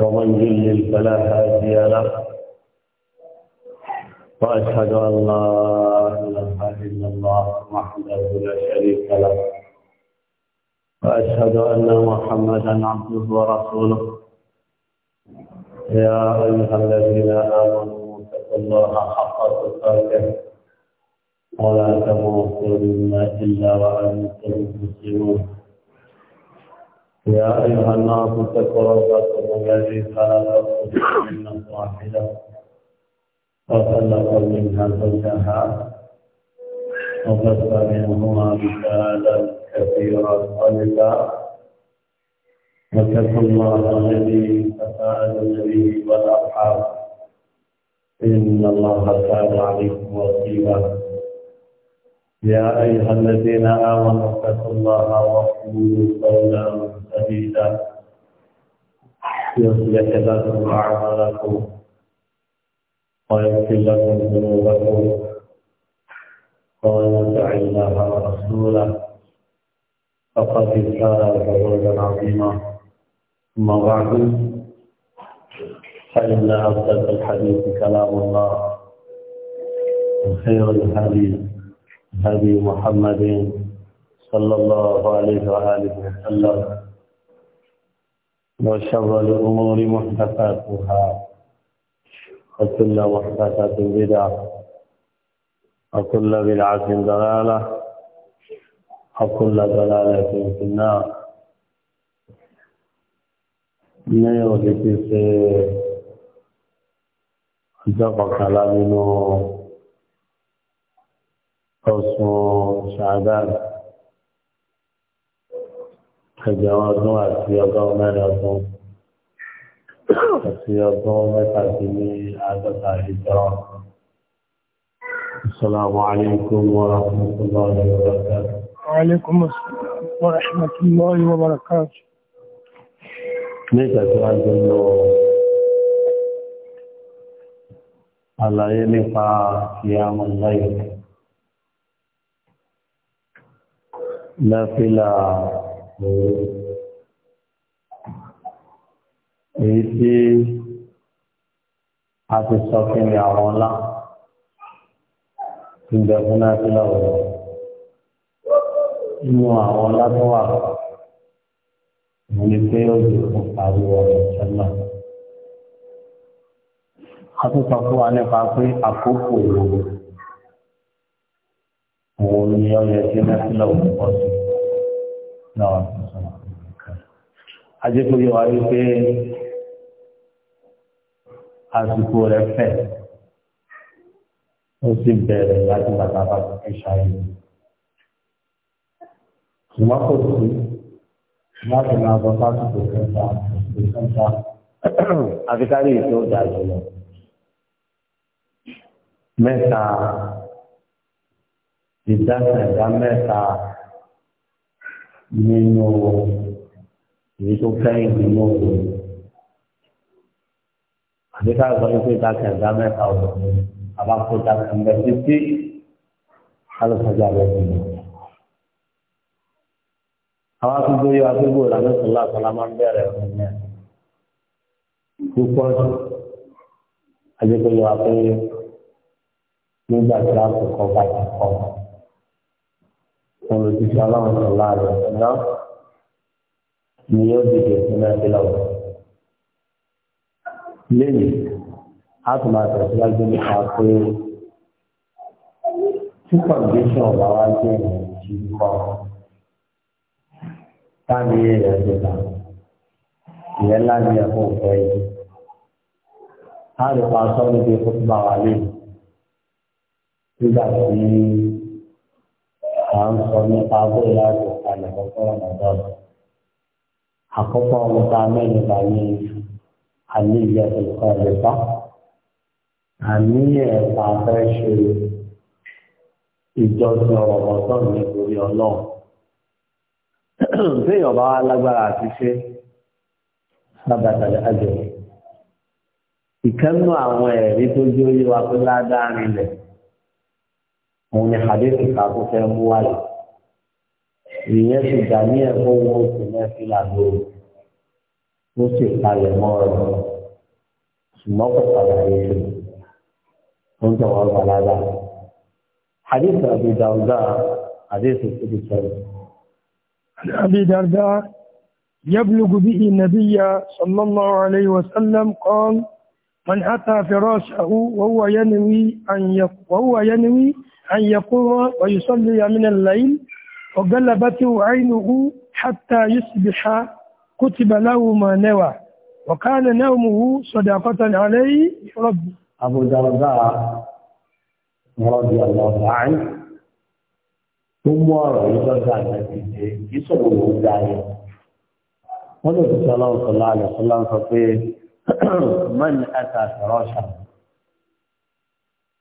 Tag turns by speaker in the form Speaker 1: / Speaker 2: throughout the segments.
Speaker 1: ومن يضلل فلا هادي له واشهد ان لا اله الا الله وحده لا شريك له واشهد ان محمدا عبده ورسوله يا ايها الذين امنوا اتقوا الله حق تقاته
Speaker 2: ولا تموتن الا
Speaker 1: وانتم مسلمون يا أيها الناس اتقوا ربكم الذي خلقكم من نفس واحدة وخلق منها زوجها وبث منهما رجالا كثيرا ونساء
Speaker 2: واتقوا الله الذي
Speaker 1: تساءلون به والأرحام إن الله كان عليكم وكيلا يا أيها الذين آمنوا اتقوا الله وقولوا قولا سبيلا يصلح لكم أعمالكم ويغفر لكم ذنوبكم ومن يطع الله ورسوله فقد فاز فوزا عظيما أما بعد فإن أصدق الحديث كلام الله وخير الحديث هدي محمد صلى الله عليه وآله وسلم وشر الأمور محدثاتها وكل محدثات بدعة وكل بدعة ضلالة وكل ضلالة في النار نيو òde سي جابا ọjọ́ kọkànlá nínú ẹgbẹ̀rún ọdún àti ọgọ́rùn mẹ́rin ọdún àti ọdún mẹ́tàdínní àádọ́ta ìjọ. Assalamu alaikum wa rahmatullahi wa barakatuh. Wa àlàyé nípa kìyàmù láyé. Lẹ́fílà pé èyí tí a ti sọ fún mi àwọn ọlá ti bẹ fún náà sí lọ́wọ́ nínú àwọn ọlá tó wà mo ní pé ó lè fún pariwo ọ̀rọ̀ sẹ́nà. a tún sọ fún wa nípa pé àkókò wo òun ni ó yẹ sí náà sí lọ́wọ́ pọ̀ sí náà ajẹ́kọ̀ọ́ yọ wá wípé àsìkò rẹ̀ fẹ̀ ó sì bẹ̀rẹ̀ láti bàtà bàtà fi ṣàyẹ̀wò ṣùgbọ́n kò sí láti máa bọ́ sásìkò kẹta àsìkò kẹta àfikárí ètò ọjà ìjọba mẹ́ta ìdásẹ̀dá mẹ́ta nínú èyí tó kẹ́yìn nínú òwe. Àbí ká sọ pé ká kẹ̀dá mẹ́ta ọ̀dọ̀ ni bàbá kó ta kẹ̀mbẹ́ títí alùpàdé abẹ́rẹ́ mi. Àwọn akúgbó yóò akúgbó ìlànà ìsọ̀lá àtọ́lá máa ń bẹ̀rẹ̀ fún mi. Púpọ̀ ajẹ́kọ̀ọ́ yóò akúgbó nígbà tí àkókò bá ti kọ́ fún òṣìṣẹ́ ọlọ́run tó láàrin ọ̀sán ni yóò dìde fún ẹgbẹ́ ọ̀rọ̀. lẹ́yìn a tún máa tẹ̀síwájú nípa pé tí kọ̀ǹdíṣọ̀n ọ̀la wá jẹ́ ìrìnàjò kọ́ táàmì rẹ̀ ti bà ìyẹn láti ẹ̀kọ́ òfẹ́ à ń sọ nípa bóyá
Speaker 2: láti kalẹ̀ kọ́kọ́ ọ̀nàdọ́dọ̀.
Speaker 1: àkọ́kọ́ ohun tá mẹ́rin bá ní alẹ́ ìkọ́ rẹ̀ àmì ẹ̀ka fẹ́ ṣe ìjọsìn ọ̀rọ̀ ọ̀tọ̀ nítorí ọlọ́run. béèyàn bá lágbára àti ṣe sábàtàlẹ̀ àjọ ìkẹ́nu àwọn ẹ̀rí tó jó yé pé ládàá rinlẹ̀. mo ni hadith ko fẹ́ mú wáyé ye ti gbà ní ẹ̀kọ́ wọn ó sì náà fi làgbo ó sì le mọ́ ro ọ̀rọ̀ mo kò ta padà yẹn tó ń tọ̀wọ́ balaga hadith Abi Darda hadith
Speaker 2: kúbi sọ̀rọ̀.
Speaker 3: Abi Darda يبلغ به النبي صلى الله عليه وسلم قال من أتى فراشه وهو ينوي أن يق... وهو ينوي أن يقوم ويصلي من الليل وغلبته عينه حتى يصبح كتب له ما نوى وكان نومه صداقة عليه ربي أبو
Speaker 1: الدرداء رضي الله عنه ثم رضي النبي يصلي الله ولو صلى الله عليه وسلم فقال من أتى فراشا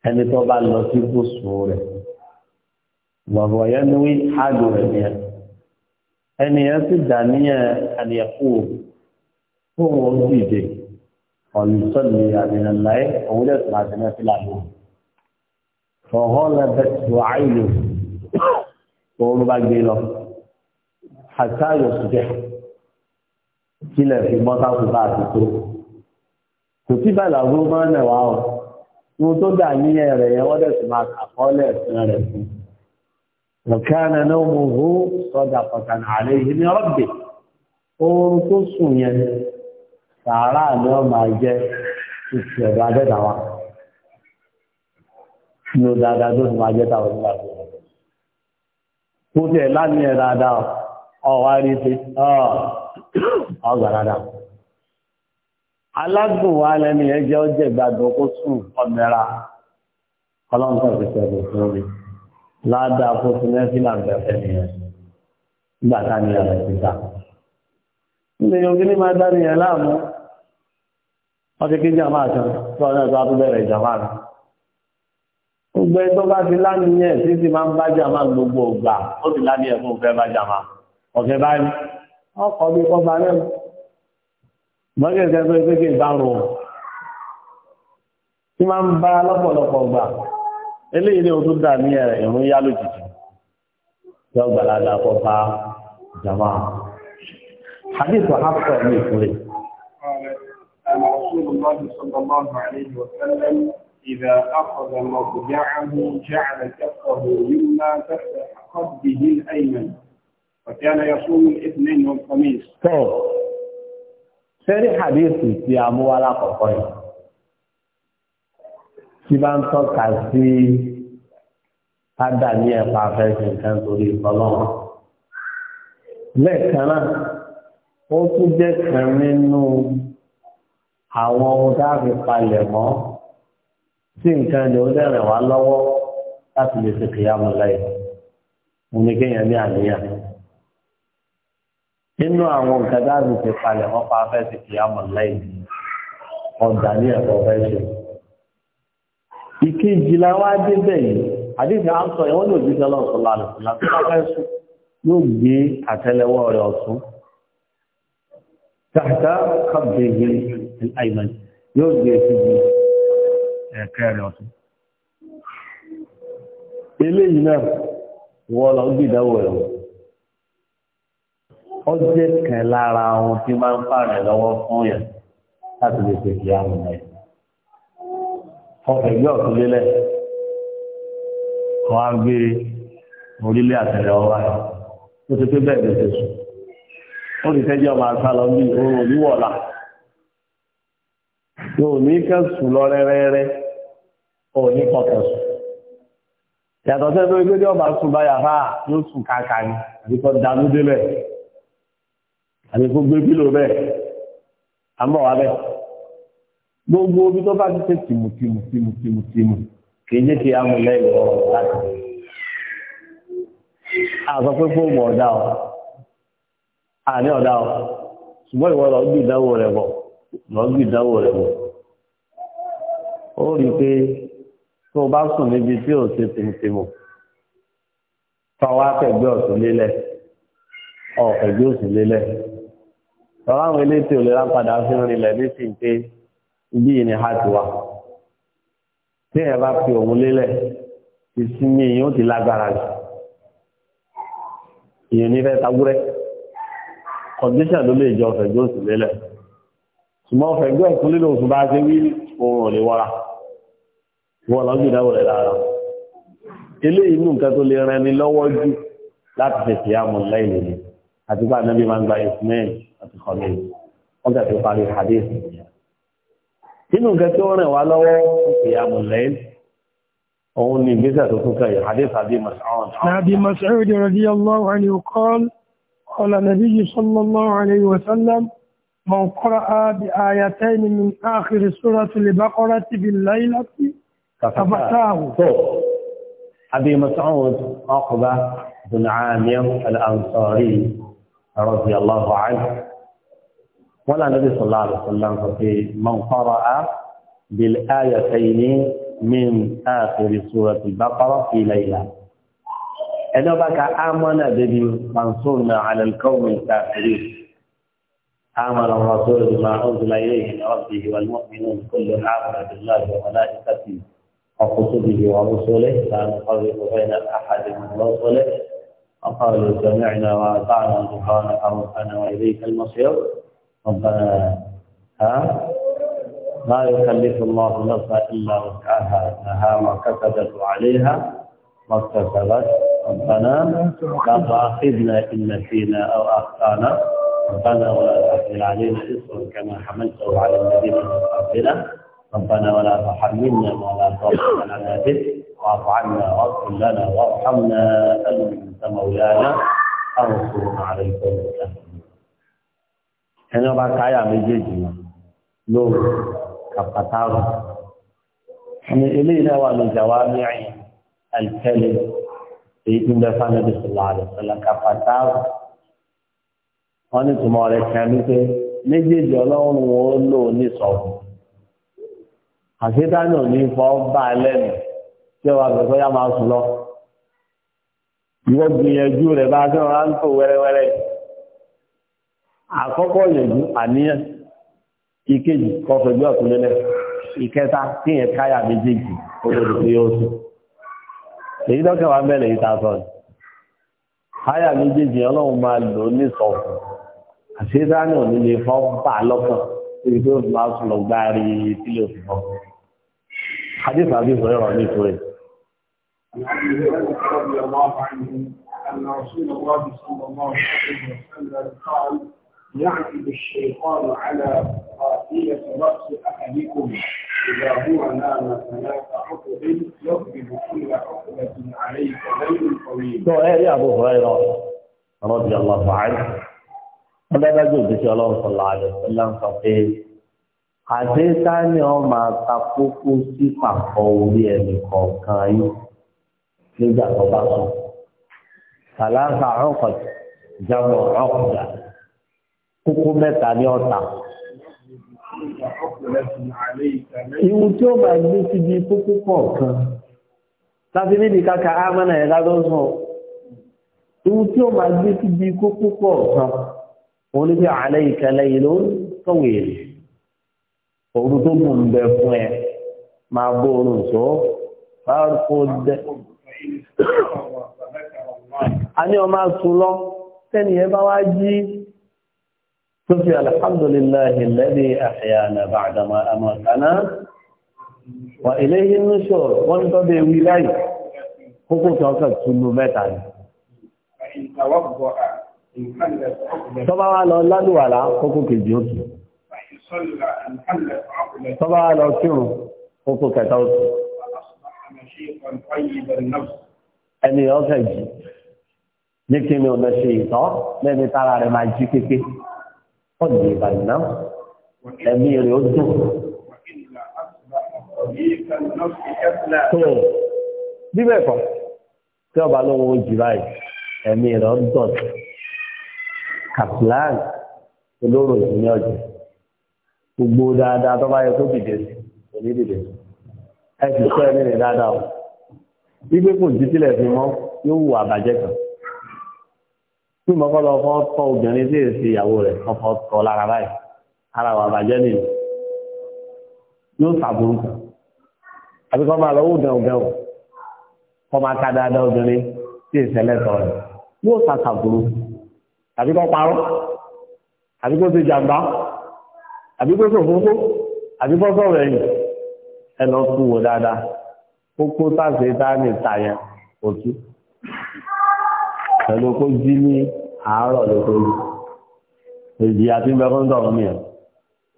Speaker 1: ẹni tó bá lọ sí gúúsù rẹ̀ wàhùwà yẹn ní wí áàdù rẹ̀ nìyẹn ẹni yẹn sì dà níyẹn àníyàkú fún wọn dìde ọ̀lùsọ̀lù àdìnàláyé òun dẹ̀ sọ̀rọ̀ àdìnà sí làlú fọ̀họ́lẹ̀ bẹ̀tù àìlù òun bá gbé lọ àtàyò sùdẹ̀ kílẹ̀ fi mọ́tàkùn bá àti tó kò tí bá làwọn máa ń nà wá mo tó dà ní ẹ̀rẹ̀ yẹn wọ́n dẹ̀sùn máa kàkọ́lẹ̀ ẹ̀sìn rẹ̀ fún ọ̀kánà náà mo hó sọ́dà pàtàkì àlẹ́ yìí ní ọ̀bẹ̀ oorun tó sùn yẹn sàárà ni wọ́n máa jẹ́ ìtì ẹ̀dọ̀ adẹ́dàwà ló dáadáa tó sì máa jẹ́ táwọn nígbà tó yẹ kó tẹ̀ láti ẹ̀ dáadáa ọ̀ wá rí ti ọ̀ ọ̀ gbà dáadáa aládùn wa lẹ́ni ẹjẹ́ ọjẹ́ ìgbàgbọ́ kó sùn ọmọra ọlọ́nkọ̀ ti sẹ́gun fún mi ládàá fún sinẹ́fìlà bẹ̀rẹ̀ nìyẹn nígbà táni ọ̀rẹ́ ti ta. níbi yóò kíní máa dá nìyẹn láàmú wọ́n ti kí jàmáà tán tí wọ́n náà tó wá bẹ̀rẹ̀ jàmáà rẹ̀. gbogbo ẹ tó bá ti lánìyẹn tí ti máa ń bá jàmáà gbogbo ògbà ó ti lánìyẹn fún òfẹ́ bá jàmáà ọ̀fẹ́ báyìí ọkọ̀ bí kọ́ mọ́kẹ́kẹ́ tó ṣe kí ìbárun tí máa ń bá lọ́pọ̀lọpọ̀ gbà eléyìí ni o tún dà ní ìrún yá lójijì tí ọgbà ládà kọ bá jama hadith hafsa ní ìkúrè. رسول الله صلى الله عليه وسلم إذا أخذ مضجعه جعل كفه يمنى تحت قبه الأيمن وكان يصوم الاثنين والخميس sẹ́rí hadithi tí a mú wá lákọ̀ọ́kọ́ yìí tí bá ń tọ́ka sí ádà ní ẹ̀pà afẹ́sìn kan torí ìfọlọ́wọ́ lẹ́ẹ̀kan náà ó tún jẹ́ kan nínú àwọn ohun tá a fi palẹ̀ mọ́ tí nǹkan ni ó dẹ̀rẹ̀ wá lọ́wọ́ láti lè ṣe kìyàmù lẹ́yìn mo ní kéèyàn ní àníyàn. nínú àwọn nǹkan dáàbò ti palẹ̀ wọ́n pa afẹ́ ti fi àmọ̀ láìpẹ́ ọ̀dà ní ẹ̀kọ́ fẹ́ ṣe. ìkejì làwọn adébẹ̀ yìí àdéhùn àǹsọ̀ yẹn wọ́n lè jí sẹ́lọ̀ sọ̀lá lọ́sọ̀lá tó bá fẹ́ sùn yóò gbé àtẹ́lẹwọ́ rẹ̀ ọ̀tún tàtà kàbẹ̀gẹ̀ àìmọ̀n yóò gbé ẹ̀kẹ́ rẹ̀ ọ̀tún. eléyìí náà wọ́n lọ gbé ìdáwọ̀ rẹ̀ wọ̀. ọjẹ́ kan lára ohun tí máa ń fàrẹ̀ lọ́wọ́ fún yẹn láti lè pèsè àrùn rẹ̀. ọkọ̀ ìgbé ọ̀tún lélẹ̀ wọ́n á gbé orílẹ̀ àtẹ̀rẹ̀ ọwọ́ rẹ̀ tó ti pé bẹ́ẹ̀ lè sùn. ó lè tẹ́jọ́ máa sá lọ bí oorun oníwọ̀lá. yóò ní kẹ́sùn lọ rẹ́rẹ́rẹ́ ó ní kọ̀kẹ́ sùn. yàtọ̀ sẹ́ni tó ń gbé ọba sùn báyà fáà yóò sùn kàkà ni àbíkọ́ dánú délẹ̀ àti kó gbé pílò bẹ́ẹ̀ à ń bọ̀ wá bẹ́ẹ̀ gbogbo omi tó bá ti ṣe tìmù tìmù tìmù tìmù tìmù kì í jẹ́ kí amúlẹ̀ ìwọ̀ láti rẹ̀ àsọ pé fóònù ọ̀dà ọ̀ àní ọ̀dà ọ̀ ṣùgbọ́n ìwọ lọ gbé ìdánwò rẹ̀ bọ̀ lọ gbé ìdánwò rẹ̀ bọ̀ ó rí i pé tó o bá sùn níbi tí ò ṣe tìmùtìmù tó wá fẹ̀gbẹ́ ọ̀tún lélẹ̀ ọ̀fẹ̀gbẹ́ ọ̀tún lélẹ̀ tọ́lá àwọn elétò ìlera padà fi ń rinlẹ̀ nísìnyí pé bí ni a ti wà tí ẹ bá fi òun lélẹ̀ ìsinmi èyí ó ti lágbára jù èyàn ní fẹ́ tagúrẹ́ kọ̀díṣà ló lè jọ fẹ̀gbẹ́ òsì lélẹ̀ ṣùgbọ́n fẹ̀gbẹ́ ẹ̀kún lílo oṣù bá ṣe wí ohun ò lè wọ́ra wọ́n lọ jù dáwọ̀ rẹ̀ lára eléyìí nù nǹkan tó lè rẹni lọ́wọ́ jù láti ṣètì àmọ̀ láìlè ni àti bá anábì máa ń gba ismail àti kọ́lé wọ́n gà fi parí hadith nìyẹn. nínú nǹkan tí ó rìn wá lọ́wọ́ ìyàmù lẹ́yìn òun ni ìgbésẹ̀ tó tún kẹ́yìn hadith àbí mas'ud.
Speaker 3: àbí mas'ud radiyallahu anhu qala qala nabiyyu sallallahu alayhi wa sallam man qara'a bi ayatayn min akhir surati al-baqarati bil laylati
Speaker 1: kafatahu. àbí mas'ud Uqba bin Amir al-Ansari. رضي الله عنه ولا النبي صلى الله عليه وسلم في من قرأ بالآيتين من آخر سورة البقرة في ليلة أنا بك آمن بني منصورنا على الكوم الكافرين آمن الرسول بما أنزل إليه من ربه والمؤمنون كل آمن بالله وملائكته وكتبه ورسله لا نفرق بين أحد من رسله وقالوا سمعنا وأطعنا غفرانك ربنا وإليك المصير ربنا ها لا يكلف الله نفسا إلا وسعها لها ما كسبت وعليها ما اكتسبت ربنا لا تؤاخذنا إن نسينا أو أخطأنا ربنا ولا تحمل علينا إصرا كما حملته على الذين من قبلنا ربنا ولا تحملنا ولا تحملنا على ذلك به واعف عنا واغفر لنا وارحمنا أنت مولانا أنصرنا عليك الكافرين ẹni ọba káyà méjèèjì wọn lóòrò kàpàtàrọ ní eléyìí náà wà ní ìjàwá mìíràn àìtẹ́lẹ̀ èyí tí ń bẹ fánàbí sọlá àdìsọlá kàpàtàrọ wọn ní tùmọ̀ rẹ̀ kàn ní pé méjèèjì ọlọ́run wọn ó lò ní sọ̀rọ̀ àṣetánù ní fọ́ bá lẹ́nu tí wàá yá máa sùn lọ. Ìwọ gbìyànjú rẹ̀ bá tí wọ́n ń tò wẹ́rẹ́wẹ́rẹ́. Àkọ́kọ́ ìyànjú àníyàn, ìkejì kọfẹ̀gbé ọ̀túnlélẹ̀, ìkẹta kí yẹn káyà méjèèjì olóòdù tí yóò sùn. Èyí dọ́kẹ́ mẹ́lẹ̀ yìí ta sọ ni. Káyà méjèèjì ọlọ́run máa lò ní sọ̀fù. Àṣetáni ò ní lè fọ́ bà lọ́kàn níbi tó máa sùn lọ gbáàrí tí lè fọ́. Adé tàbí ìfọ̀rẹ́rọ̀ ní وعن ذلك رضي الله عنه أن رسول الله صلى الله عليه وسلم قال يعقد الشيطان على قافية رأس أحدكم إذا هو نام ثلاث
Speaker 2: عقب يضرب كل عقبة عليك ليل
Speaker 1: طويل. يا أبو هريرة رضي الله عنه ọlọ́dájú òjíṣẹ́ ọlọ́run sọ̀lá àlẹ́sọ́lá ń sọ pé àṣẹ sáà ni wọ́n máa ta sí pàpọ̀ orí ẹnì kọ̀ọ̀kan yìí nígbà tó bá sùn. Sàlásà ọ̀kọ̀ jábọ̀ ọ̀kọ̀dà. Kókó mẹ́ta ní ọ̀tà. Ìwù tí ó máa gbé síbi kókó kọ̀ọ̀kan. Láti níbi káka ámánà ẹ̀ ládọ́sọ̀. Ìwù tí ó máa gbé síbi kókó kọ̀ọ̀kan. Wọ́n ní bí àlẹ́ ìkẹlẹ̀ yìí ló ń kọ̀wé rẹ̀. Òru tó gùn bẹ fún ẹ máa bó orun sọ. Fárúkú dẹ́ a ní ọmọ sùn lọ tẹ́ni ẹ bá wá jí tó fi alhamdulillahi alladhi ahyana ba'dama amatana wà ilayhin nushur wọ́n tọ́ bẹ wí láì kókó tó ọkọ̀ túnú mẹ́ta
Speaker 2: ni tọ́ba wa lọ lálùwàlá kókó kejì ó tù tọ́ba wa lọ kírun
Speaker 1: kókó kẹta ó tù ẹni ọ̀sẹ̀ jì ní kí ni ọ̀nà ṣe ìtọ́ lẹ́ni tára rẹ̀ máa jí kéke ọ̀nà ìbàdàn náà ẹ̀mí rẹ̀ ó dùn. bí bẹ́ẹ̀ kọ́ tí ọba ló ń wo jù báyìí ẹ̀mí rẹ̀ ó dùn kàpìlán olóró ìdíyànjú gbogbo dáadáa tó bá yẹ kó dìde sí kò sí ẹ sì sọ ẹni rẹ̀ dáadáa o gbígbé kò jí sílẹ̀ fi mọ́ yóò wù àbàjẹ́ kan tí mo kọ́ lọ fọ́ tọ́ obìnrin tí èsì ìyàwó rẹ̀ fọ́ tọ́ lára báyìí ara wà àbàjẹ́ nìyí yóò sàbùrù kan àbí kọ́ máa lọ́wọ́ dẹ̀wọ̀ dẹ̀wọ̀ kọ́ máa ká dáadáa obìnrin tí èsì ẹlẹ́tọ̀ rẹ̀ yóò sàkàbùrù àbí kọ́ parọ́ àbí kó ti jàmbá
Speaker 2: àbí kó sòfófó
Speaker 1: àbí kó sọ̀rọ̀ ẹ̀yìn. ẹ lọ tún wò dáadáa kókó tàṣe dání tàyẹn kò tú pẹ̀lú kó jí ní àárọ̀ ló tó yìí èdè àti bẹ́kọ́ dọ̀rọ̀ mi ẹ̀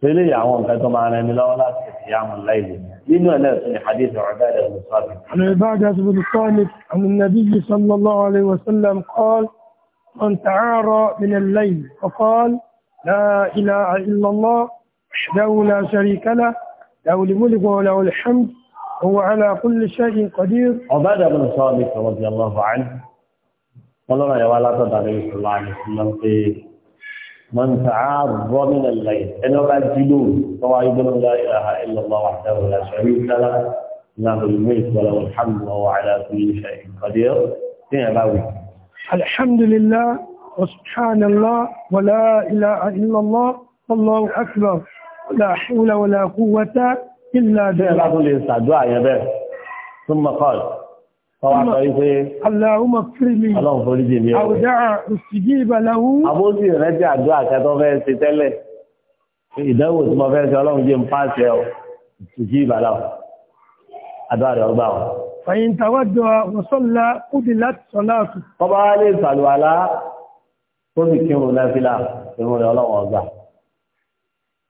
Speaker 1: tẹ́lẹ̀ àwọn nǹkan tó máa rẹni lọ́wọ́ láti ìyàmù láìlè nínú ẹlẹ́sìn hadith
Speaker 2: Ubadah bin Samit.
Speaker 3: An Ubadah bin Samit an an-Nabiy sallallahu alayhi wa sallam qala man ta'ara min al-layl fa qala la ilaha illa Allah wahdahu la sharika lahu له الملك وله الحمد هو على
Speaker 1: كل شيء قدير عبادة بن صامت رضي الله عنه قال يا ولد عليه الصلاة والسلام في من تعاظ من الليل إنه لا جلول فوائد لا إله إلا الله وحده لا شريك له له الملك وله الحمد وهو على كل شيء قدير
Speaker 3: الحمد لله وسبحان الله ولا إله إلا الله الله
Speaker 1: أكبر láàúlà wọlá kú wátá ìlà bẹ̀rẹ̀ látún lè sàdúrà yẹn bẹ́ẹ̀ tún mọ́kọ̀ọ̀lù Ọwà sọ wípé Allahumma firli Ọlọ́run forí jì mí àwùjá òsìgí ìbàláwú. Àbójú rẹ̀ ti àdúrà kẹtọ́ fẹ́ ṣe tẹ́lẹ̀. Ìdánwò tí mo fẹ́ ṣe Ọlọ́run jẹ́ ń pàṣẹ òsìgí ìbàláwú. Àdúrà rẹ̀ ọgbà wọn.
Speaker 3: Fàyín tàwádọ́ wọ́sọ́lá kúdì láti sọ́lá ọ̀tún. Ọba wa lè
Speaker 1: sàlùwàlá tó fi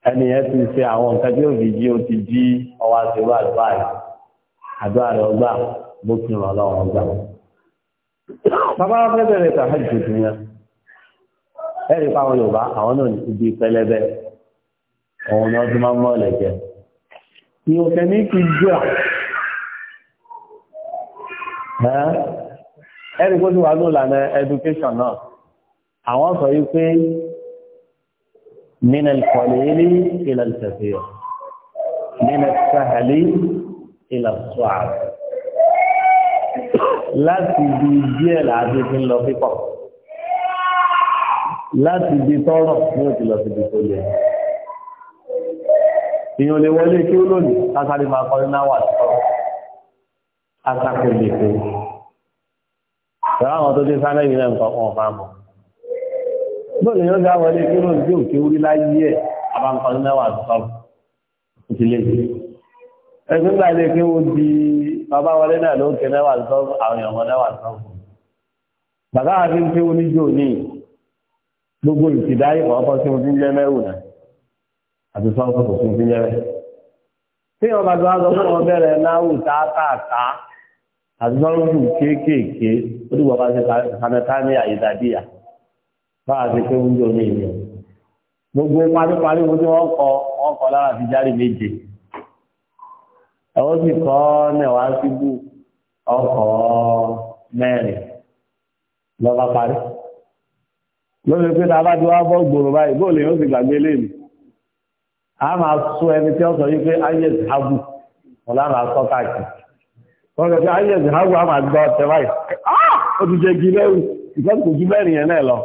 Speaker 1: ẹni yẹn ti ṣe àwọn nǹkan tí òbí jí ó ti jí ọwọ́ àtiwọ́ àdúrà rẹ̀ àdúrà rẹ̀ ọgbà bó ti ràn lọ́wọ́ ọgbà. bàbá wa fẹ́ bẹ̀rẹ̀ tàbí ìjòjò yẹn ẹ̀rí fáwọn Yorùbá àwọn náà ibi pẹlẹbẹ òun ni ọdún máa ń mọ́ ọ̀lẹ̀jẹ̀ ìhòkè ní kí jùlọ ẹ̀rí kó ti wà ní ìlànà education náà àwọn sọ yìí pé من القليل إلى الكثير من السهل إلى الصعب láti di díẹ̀ láti fi ń lọ pípọ̀ láti di tọ́rọ̀ ní òtí lọ síbi tó lè èèyàn lè wọlé kí ó lónìí lásàrí máa kọ́ nínú àwọn àtọ́rọ̀ asákòlè pé àwọn tó dé sálẹ̀ yìí nǹkan kan ọ̀bá mọ̀ bọ́ọ̀lù yóò dá wọlé kí ló ń gbé òkè orí láyé ẹ̀ abáǹkan mẹ́wàá sọ́ọ̀bù ìdílé ẹgbẹ́ gbà lè kí wọ́n di bàbá wọlé náà ló ń kẹ mẹ́wàá sọ́ọ̀bù àwọn èèyàn wọn mẹ́wàá sọ́ọ̀bù bàbá àti ń kí wọ́n ní jò ní gbogbo ìtìdáyé kọ̀ọ̀kan tí wọ́n ti ń jẹ́ mẹ́wù náà àti sọ́ọ̀bù kò tún ti jẹ́ mẹ́ tí wọ́n bá gbọ́n sọ fún wọn bẹ̀rẹ̀ náwù táàtàtà àti sọ́ọ̀bù kéékèèké ó dìbò bá ṣe kàmẹ́tà ní àyè báwa ti pé oúnjẹ òní ìlú gbogbo paríparí wo tí wọ́n kọ wọ́n kọ lára ti járe méje ẹ̀wọ́n sì kọ́ mẹ́wàá síbú ọkọ̀ mẹ́rin lọ́ba parí lórí pé tá a bá ti wá bọ́ gbòòrò báyìí bóòlù yóò sì gbàgbé léèlì a máa sọ ẹni tí ó sọ wípé ayes hagu wọn lára sọ káàkiri wọn sọ pé ayes hagu a máa gbọ́ ọtẹ báyìí ó ti jẹ gílẹ́rù ìfẹ́ kò ju mẹ́rin yẹn náà lọ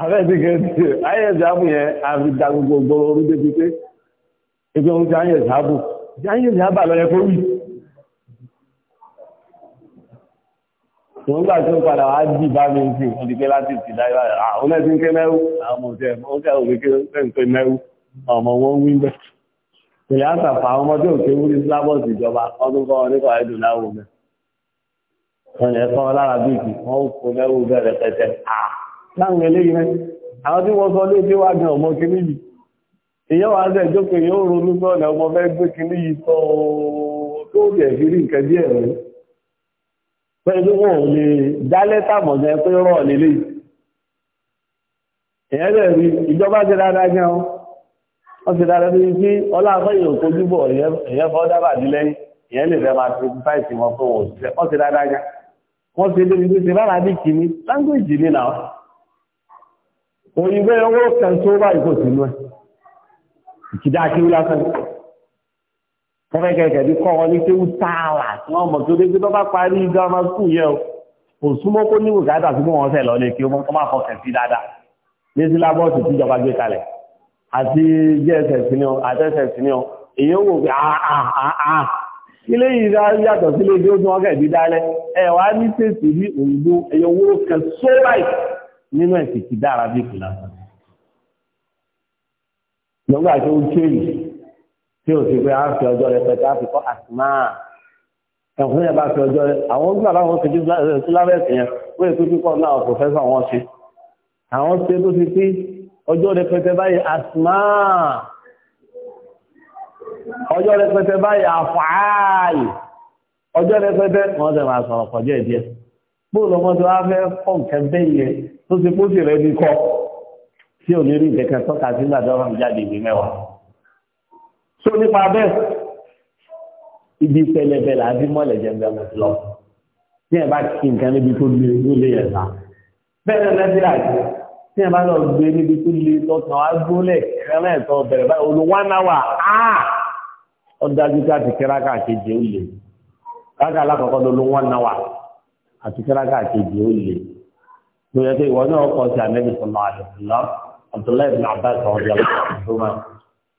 Speaker 1: ààrẹ ti gẹ̀ ti padà wá dì bá mi sí wọ́n ti pé láti ti dá yọ àwọn ẹ̀sìn ń ké mẹ́rù àwọn ọmọ wọn wí bẹ́ẹ̀. pèlè àtàfà àwọn ọmọdé òkè wúrí sílábọ̀sì ìjọba ọdún kọ́ wọn nípa ẹ̀dùn láwùjọ. wọ́n e eléyìí rẹ̀ àwọn tí wọ́n sọ lé tí wà gan ọmọ kìíní yìí èyàn wà rẹ̀ jókòó ronú ọmọ gbé yìí sọ tó rí nǹkan wọn ò lè dá pé nílé rí ìjọba ti dáadáa ti dáadáa òkojú lè máa fáìsì wọn fún wọn ti dáadáa òyìnbó owó kan tó bá ìkó sínú ẹ̀ ìkìdá akéwú lásán kọ́kẹ́kẹ́kẹ́ bí kọ́ ọ ní kéwú tààrà tí wọ́n mọ̀ tó dégbé tó bá parí grammar school yẹ o kò súnmọ́ kó ní bùkátà sí wọn fẹ́ lọ lè kí wọ́n kọ́ máa fọkàn sí dáadáa lẹ́sí lábọ́ọ̀sì tíjọba gbé kalẹ̀ àti jss ni ọ àtss ni ọ èyí wò pé àà ah, ah, ah, ilé ìrà yàtọ̀ sílé ìdí ó tún ọkẹ́ ìdí dálẹ́ ẹ̀ wá ní sèṣì ní òyìnbó ẹ̀yọ̀ wó kan sóbáì nínú ẹ̀sìn ti dá arabic lásán lọ́gbà tó ń kéyì tí o sì pé à ń fi ọjọ́ rẹpẹtẹ á fi kọ́ àtìmá ẹ̀fún yẹn bá fi ọjọ́ rẹ àwọn gbà láwọn ṣe jù lábẹ́sì yẹn wọ́n èkó kíkọ́ náà pòfẹ́sọ̀ wọn ṣe àwọn ṣe tó ti pé ọjọ́ rẹpẹtẹ báyìí àtìmá ọjọ́ rẹpẹtẹ báyìí àfààyè ọjọ́ rẹpẹtẹ wọ́n sì máa sọ̀rọ̀ kọjá ìdí ẹ̀ bóòlù ọmọdé wá fẹ́ kọ́ nǹkan bẹ́ẹ̀ yẹn tó ti pósì rẹ̀ ní kọ́ tí ò ní rí ìjẹ̀kẹ́ tọ́ka sí ìgbà dọ́rọ̀ jáde ìwé mẹ́wàá. tó nípa bẹ́ẹ̀ ibi pẹlẹbẹ là á bí mọ́lẹ̀ jẹ́ bẹ́ẹ̀ mọ́tì lọ. tí ẹ bá kí nǹkan níbi tó le ló lè yẹn sá. bẹ́ẹ̀ ni lẹ́sìn àti tí ẹ bá lọ gbé níbi tó le lọ́kàn á gbólẹ̀ kẹrẹ́ tó bẹ̀rẹ̀ báyìí olú one hour áà ọ̀dájú ah! káàkiri kẹ́rákà kejì ó le. káàkiri alákọ̀ọ́kọ́ ló ló one hour àti kíláàkà kejì ó lè tó yẹ pé ìwọ náà kọ sí àmẹ́bí sọlá àdùnnà Abdullahi bin Abbas ọ̀rọ̀ yàrá àdúrà.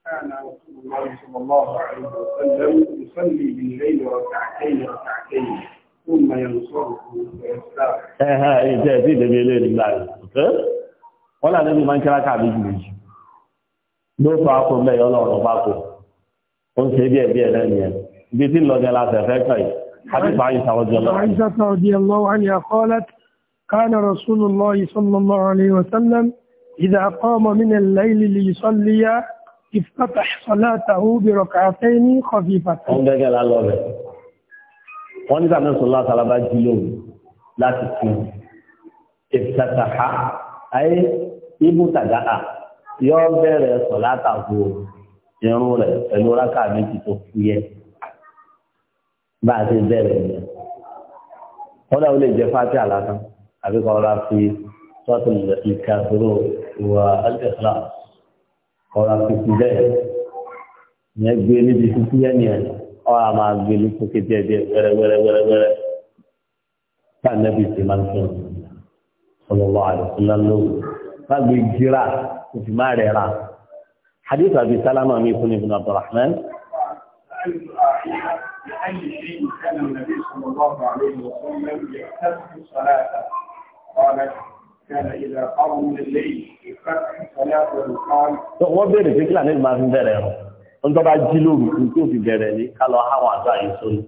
Speaker 1: كان رسول الله صلى الله عليه وسلم يصلي بالليل ركعتين ركعتين ثم ينصرف ويستغفر. اها ايه máa ń kíra káàbí jù méjì ló sọ àpò mẹ́yọ́ lọ́rọ̀ bá kò ó ń ṣe bí ẹ̀ bí ẹ̀ lẹ́nu yẹn ibi tí ń lọ jẹ́ la fẹ́ fẹ́ kàn yìí حديث عائشة رضي الله
Speaker 3: عنها عائشة قالت كان رسول الله صلى الله عليه وسلم إذا قام من الليل ليصلي افتتح صلاته بركعتين خفيفتين.
Speaker 1: wọ́n ní sàmì sọ̀lá sàlábà jí lóhùn láti fi ìfẹsàkà ayé ibùtàgàà yọ bẹ̀rẹ̀ sọ̀lá tàbí irun rẹ̀ pẹ̀lú rákà méjì tó fúyẹ́ bá a ti bẹ̀rẹ̀ yẹn wọ́n dáwọ́ lè jẹ́ fáti àlásán àbí kan rà fi sọ́ọ̀tì ìkàdúró wà alẹ́sàlá ọ̀rọ̀ àfikún bẹ́ẹ̀ yẹn gbé níbi títí yẹn yẹn ọ̀rọ̀ a máa gbé ní kókè díẹ̀ díẹ̀ wẹ́rẹ́ wẹ́rẹ́ wẹ́rẹ́ wẹ́rẹ́ bá a nẹ́bi ti máa ń sọ ọlọ́wọ́ àdìsílá lóhùn bá gbé jíra òfin má rẹ̀ ra hadith àbí sálámà mi fún ibùdó abdulrahman.
Speaker 2: بأي شيء كان النبي صلى الله عليه وسلم يكتسب صلاته
Speaker 1: قالت كان إذا قام الليل يفتح صلاته قال wọ́n bèèrè pé kílà nílùú máa fi bẹ̀rẹ̀ rọ̀ ń tọ́ bá jí lóru kí tó fi bẹ̀rẹ̀ ní ká lọ háwọn àjọ àyè sórí.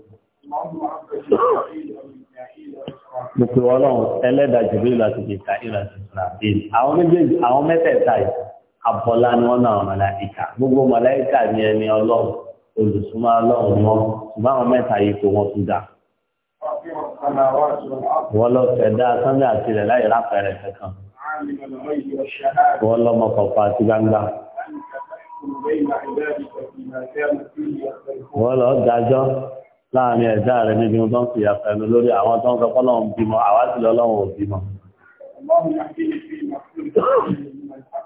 Speaker 1: mo pe ọlọ́run ẹlẹ́dàá jìbìlì àti ìka ìlà ti sọ̀rọ̀ àbílì àwọn méjèèjì àwọn mẹ́tẹ̀ẹ̀ta yìí abọ́lá ni wọ́n náà mọ̀láìka gbogbo mọ̀láìka ni ẹni ọlọ́run olùsúnmọ́ ọlọ́run wọn ṣùgbọ́n àwọn mẹ́ta yìí kò wọ́n tún dà. wọ́n lọ ṣẹ̀dá sánmi àti ilẹ̀ láì rápẹ̀rẹ̀ kankan. wọ́n lọ́mọ kọ̀ọ̀kan àti gbangba.
Speaker 2: wọ́n lọ dájọ́
Speaker 1: láàrin ẹ̀dá rẹ̀ níbi wọn tó ń fi àfẹnu lórí àwọn tó ń sọ pé ọlọ́run bímọ àwa sì lọ ọlọ́run ò bímọ.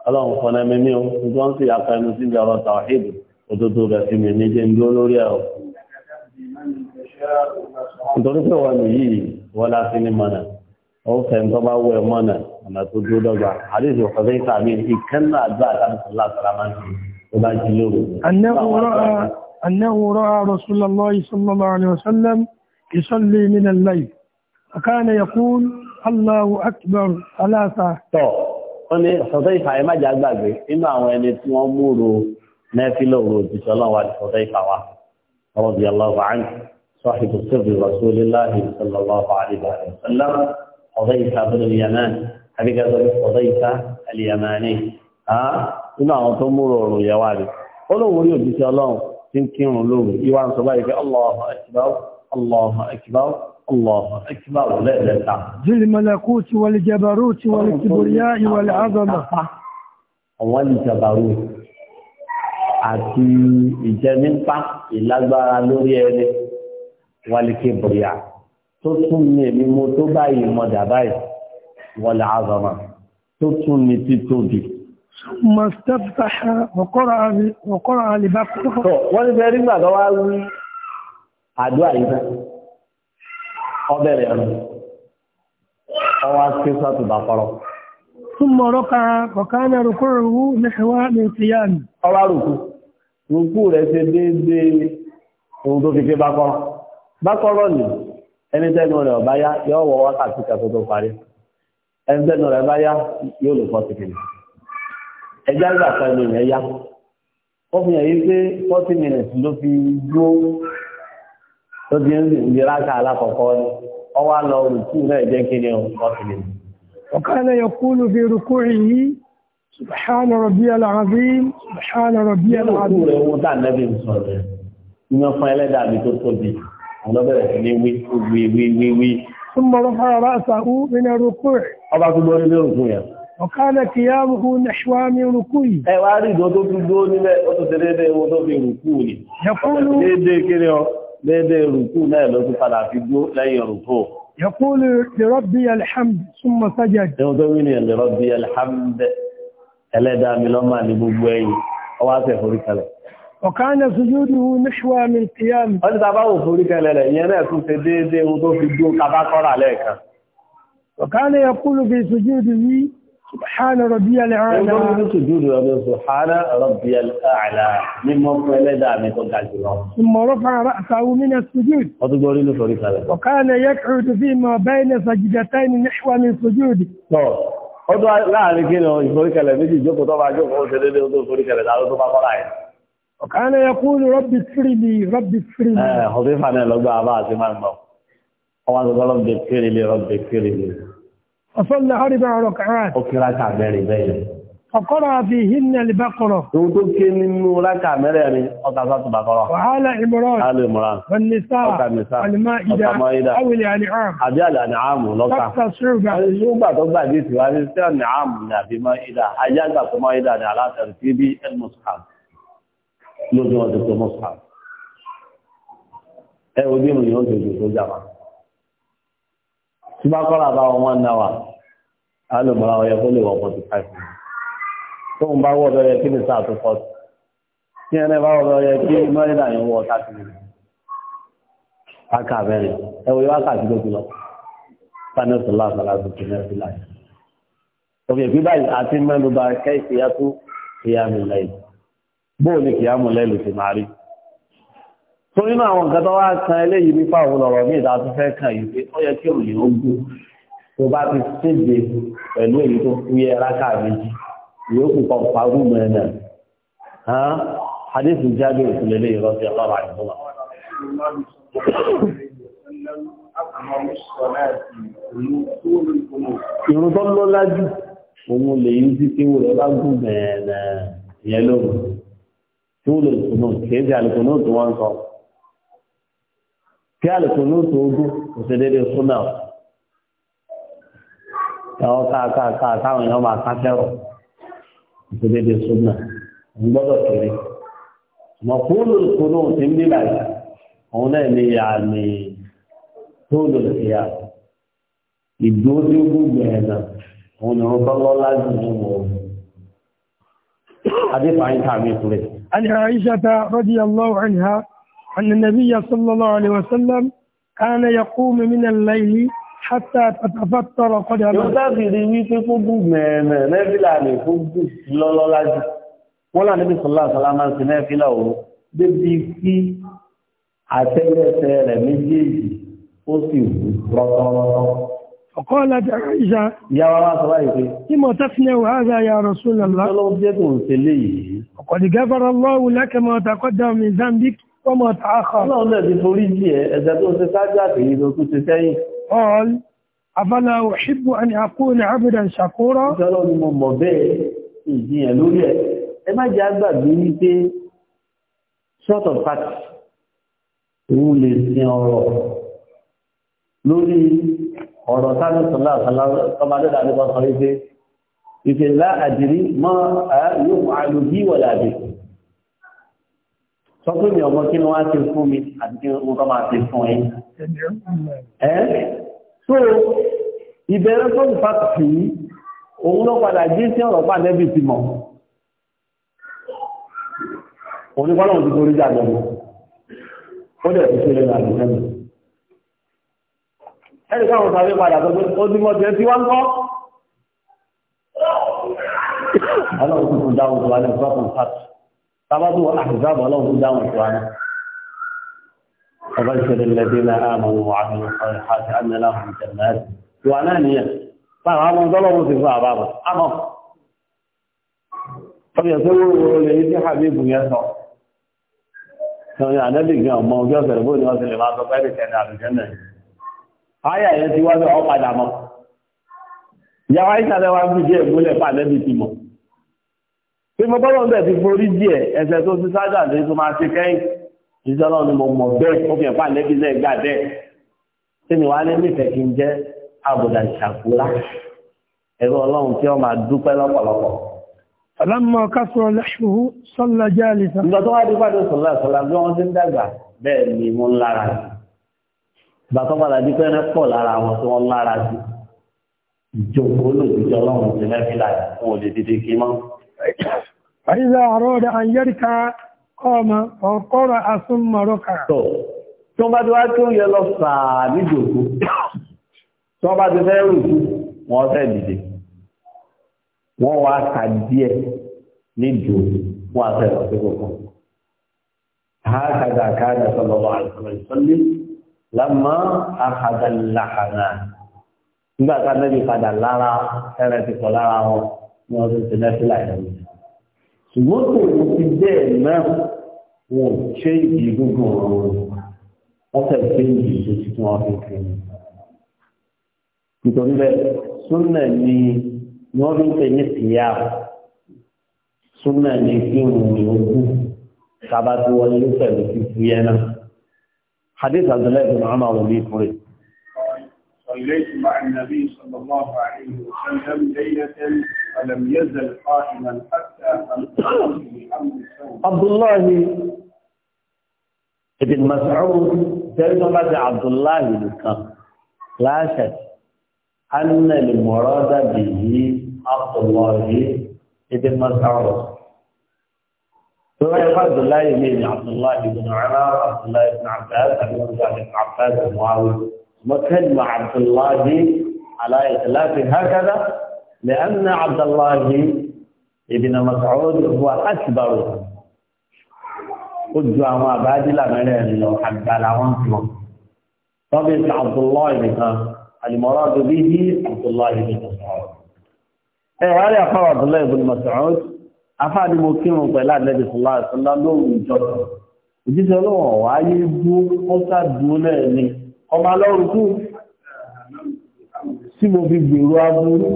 Speaker 1: ọlọ́run fọnẹ́mi ní o tó ń fi àfẹnu síbi ọ̀rọ̀ tàwáhídì òdodo rẹ̀ fi mèmí jẹ́ ń dúró lórí ẹ̀
Speaker 2: nítorí pé wọ́n mi
Speaker 1: yìí wọ́n lá sí ní mọ́nà ó fẹ́ ń tọ́ba wọ ẹ̀ mọ́nà ọ̀nà tó dúró dọ́gba àdéhùn ọ̀fẹ́ ìsàmì ìkẹ́nà àdúrà àtàkùnlá sàlámà tó bá jí lóru.
Speaker 3: أنه رأى رسول الله صلى الله عليه وسلم يصلي من الليل فكان يقول الله أكبر ثلاثة. tọ́
Speaker 1: wọ́n ní sọ́tẹ́ ìfàyẹ́májà gbàgbé nínú àwọn ẹni tí wọ́n múrò نافلة ورد صلى الله عليه وسلم رضي الله عنه صاحب سر رسول الله صلى الله عليه وسلم حذيفة بن اليمان حقيقة حذيفة اليماني ها إنه àwọn tó múrò ọ̀rọ̀ ìyàwó rẹ̀ olóòwò rí òjíṣẹ́ ọlọ́run tí ń الله lóru الله ń sọ báyìí لا Allahu akbar Allahu ذي الملكوت والجبروت والكبرياء والعظمة. àwọn ìjàbàrú àti ìjẹnipa ìlágbára lórí ẹni wálíkè bóyá tó tún ní èmi mo tó báyìí mọ dàbá yìí wọlé azọmọ tó tún ní títóbi.
Speaker 3: mọ̀sítẹ́fà ọ̀kọ́rọ̀ àlìbákọ́. wọ́n ti fẹ́ rí gbàgbọ́ wá wí
Speaker 1: àdúrà yìí náà ọbẹ̀ rẹ̀ rẹ̀ ọwọ́ ké sọ́tù bá fọ́rọ̀.
Speaker 3: Súnmọ̀ rọ́ka kọ̀kánà rùkúrù ní ẹ̀wà
Speaker 1: ní ìfìyà ni. Ọwá rùkú. nukwu rẹ̀ ṣe déédéé ohun tó fi bakọ bákọ́rọ́ ni ẹni rẹ̀ ọ̀bá yá yọ wọ wákàtí kẹtọ́ tó parí ẹni rẹ̀ bá yá yóò lò fọ́tì ìgbà pẹ̀lú rẹ̀ yá ó fi hàn yí pé ló fi dúró tó ti ń ká alákọ̀ọ́kọ́ ni ọwọ́ jẹ́ kí ni
Speaker 3: lẹ́yọ̀ kúlù fi سبحان ربي العظيم سبحان ربي العظيم
Speaker 1: ما فعل ذلك بتوتي انا بقى
Speaker 3: ثم رفع
Speaker 1: راسه من
Speaker 3: الركوع وكان قيامه نحو من ركوع
Speaker 1: يقول يقول لربي الحمد ثم سجد يقول لربي الحمد ẹlẹ́dàá mi lọ́mà ní gbogbo ẹ̀yìn ọwá tẹ̀ forí kalẹ̀. ọ̀kánà sujúdù níṣùwà mi kìyàmù. wọ́n ti ta bá wò forí kalẹ̀ rẹ̀ ìyẹn náà tún ṣe déédé ohun tó fi dúró ká bá kọ́ra lẹ́ẹ̀kan.
Speaker 3: ọ̀kánà yẹ kúlù bí sujúdù yìí subhánà rọ̀bí al-àlá. ẹgbẹ́ mi ní
Speaker 1: sujúdù ọdún subhánà rọ̀bí al-àlá ní mọ́ fún mi tó ga jù lọ.
Speaker 3: ìmọ̀rọ̀
Speaker 1: ọdún láàrin kí ni ìforíkẹlẹ̀ méjì jókòó tó bá jókòó ó ṣe dédé ó tó ìforíkẹlẹ̀ dáadọ́ tó bá kọ́ra ẹ̀.
Speaker 3: ọ̀kan ẹ̀yà kú ní rọ́bì tírìlì rọ́bì tírìlì.
Speaker 1: ẹ ọ̀fẹ́ fani ẹlọgbà bá àti máa ń gbọ́ ọwọ́ àtọ́tọ́ rọ́bì tírìlì rọ́bì tírìlì. ọ̀sán ni àríwá ọ̀rọ̀ kàrá. ó kíra kà mẹ́rin bẹ́ẹ̀ فقرأ فيهن البقرة تنتو كنن لك مريم أتفات بقرة وعلى عمران آل عمران والنساء والمائدة أو الأنعام أبي الأنعام لك تبقى شعبة الشعبة تبقى دي سواني سيان نعام في مائدة أجازة مائدة على ترتيب المصحف لزوجة المصحف ẹ wo bí mo yàn oṣooṣù tó jàmá tí bá kọ́ra bá نوا. على náwà á lò mọ́ra ọyẹ tóun bá wọ̀ bẹ̀rẹ̀ kí ni sáà tó pọ̀ sí tí ẹni bá wọ̀ bẹ̀rẹ̀ kí mọ́rìnà yẹn wọ̀ ọ̀tá sí mi wákà bẹ̀rẹ̀ ẹ wọ wákàtí tó ti lọ sani sọlá sọlá tó ti mẹ́rin láyé òkè pé báyìí àti mẹ́nu ni kìyà mú lẹ́lù ti máa rí tó nínú àwọn nǹkan tó wá kan yìí pé ó yẹ kí òun lè ó yòókù kọ parú mẹ́rin náà hadith jáde òkúlélé ìrọ́sí ọlọ́rọ̀ àìsọ́lá ìrùn tó lọ lájú òun lè yí sí kí wòlò bá gùn mẹ́rin yẹn lóhùn tí wòlò ìkùnú kéèjì àlùkùnú tó wọ́n sọ kí àlùkùnú tó gùn kò sí déédéé súnà ọ̀ káàkáà káàkáà táwọn èèyàn máa ká sẹ́rọ̀ ابتدى
Speaker 2: يصدنا
Speaker 1: انبضر كده مفهوم القنوت من بعد هنا يعني طول الخيار يدور يقول بهذا هنا رب الله العظيم حديث عن تعبير قريش عن
Speaker 3: عائشة رضي الله عنها أن النبي صلى الله عليه وسلم كان يقوم من الليل hátà tàtàfàtọ̀rọ̀
Speaker 1: kọjá lọ. yóò dábìrì wípé kó gùn mẹ́ẹ̀mẹ́ nẹ́fìlà lè kó gùn lọ́lọ́lá jù wọ́n là níbi sọ̀lá àṣàlá máa ń sin nẹ́fìlà òru débi kí àtẹ́lẹsẹ̀ rẹ̀ méjèèjì ó sì wù rọ́tọ́rọ́tọ́. ọ̀kọ́ lájà
Speaker 3: ìṣá. ìyáwó wa sọ báyìí pé. kí mo tẹ́ fún ẹwà áza ya Rasulullah. ọlọ́wọ́ jẹ́ kò ń tẹ̀lé yìí. ọ̀kọ̀dì gẹ́fọ́rọ́ lọ́wọ́ lẹ́kẹ̀mọ́ takọ́dà mi Zambik wọ́n mọ̀ tààkọ̀. ọlọ́run náà ti forí jì ẹ ẹ̀ṣẹ̀ tó ṣe sáájú àtẹ̀yìn tó tún ṣe sẹ́yìn. قال أفلا أحب أن أكون عبدا شكورا قالوا لي من مبه
Speaker 1: إجيان لولي إما جاءت بنيتي short of fact òun lè sin ọ̀rọ̀ lórí ọ̀rọ̀ sáàrẹ̀sọ̀lá ọmọdédà nípa sọ wípé ìfẹ̀lá àdìrí mọ́ yóò fún àlòbí wọ̀lá àdìrí sọ pé mi ọmọ kí ni wọ́n á ti fún mi àti kí wọ́n bá máa ti fún yín. ẹ́ so ìbẹ̀rẹ̀ tó ń pàtàkì yìí òun ló padà jí sí ọ̀rọ̀ pàdé bí ti mọ̀ onípọ́lọ̀ ti borí jà lọ́wọ́ ó dẹ̀ ti ṣe lẹ́nu àdúgbò mi. ẹnì kan òun sáré padà tó pé ó ti mọ̀ tẹ́ tí wá ń kọ́. ọlọ́run tuntun dáhùn tó wà ní ọgbà kan pàtó sábàbù àhùzábọ̀ ọlọ́run dáhùn tó wáyé ọba ìṣẹ̀lẹ̀ lẹ́dẹ́ náà àmàwò àmàwò àti àmàláhùn jẹ̀mẹ́rì wà náà nìyẹn báwọn àwọn ọlọ́run ti fún àbábọ̀ àmọ́ ọbẹ̀ tó wúwo lè ní habibu yẹn sọ sọyìn pé mo bọ́lọ̀ bẹ̀ ti forí díẹ̀ ẹsẹ̀ tó ti sájà lé tó máa ṣe kẹ́yìn jíjọ́ náà ni mo mọ̀ bẹ́ẹ̀ ó fi ẹ̀fà lẹ́bí náà gbà bẹ́ẹ̀ tí mi wá ní nífẹ̀ẹ́ kí n jẹ́ àbùdá ìṣàkúrá ẹ̀rọ ọlọ́run tí ó máa dúpẹ́ lọ́pọ̀lọpọ̀. Àlámọ̀ kásọ̀ lẹ́ṣùhú sọ́lá jáàlì sá. Ìgbà tó wá dé pàdé sọ̀lá sọ̀lá bí wọ́n ti ń dàgbà bẹ́ẹ̀ ni mo ń lára sí. Ìgbà tó padà dí pẹ́rẹ́ pọ̀ lára wọn tí wọ́n lára sí. Ìjókòó lòdì tí ti lẹ́fìlà fún òdìdí kí mọ́
Speaker 3: àyíká àrọ́dà àyẹ́ríkà ọmọ ọ̀kọ́rọ̀ asúnmọ̀rọ̀kà.
Speaker 1: tó bá ti wá tó yẹ lọ sàá nídòkó tó bá ti fẹ́ rù wọ́n fẹ́ dìde wọ́n wá ka díẹ̀ nídò wọ́n fẹ́ lọ sí kòkó. هكذا كان صلى الله عليه وسلم لما أخذ اللحنا nígbà tá a lẹ́bi padà lára ẹ̀rẹ̀ ti pọ̀ lára wọn ni wọ́n ti ṣe lẹ́sílà ìrẹ̀lẹ̀ ṣùgbọ́n tó ń ti bẹ́ẹ̀ náà wọn ò ṣe ìdí gbogbo ọ̀rọ̀ wọn fẹ́ ṣe ìdí tó ti tún wọn fi fi ní. nítorí bẹ́ẹ̀ súnà ni wọ́n ló ń pè ní tìyà súnà ni kí òun ní ogún sábà tí wọ́n ló pẹ̀lú fífi yẹn náà. حديث عبد الله بن عمر رضي الله عنه صليت مع النبي صلى الله عليه وسلم ليلة فلم يزل قائما حتى عبد الله ibn مسعود dari عبد الله بن Kam لا شك ان المراد به عبد الله بن مسعود رواية عبد الله بن عبد الله بن عمر عبد الله بن عباس عبد الله بن عباس معاوية ما عبد الله على إطلاق هكذا لأن عبد الله Ibn Mas'ud huwa akbaru ó ju àwọn àbájílà mẹ́rẹ̀ẹ̀rin lọ àgbàlá wọn lọ tọ́bí ti Abdullahi nìkan al-murad bihi Abdullahi
Speaker 2: ibn Mas'ud
Speaker 1: ẹ wá rí afáwọ̀ Abdullahi ibn Mas'ud afáàdì mo kírun pẹ̀lú àdẹ́bí sọlá ìsọlá lóhùn ìjọba ìjíṣẹ́ ọlọ́wọ̀n wáyé bú ó sàdúró náà ni ọmọ alọ́rùkú tí mo fi gbèrò aburú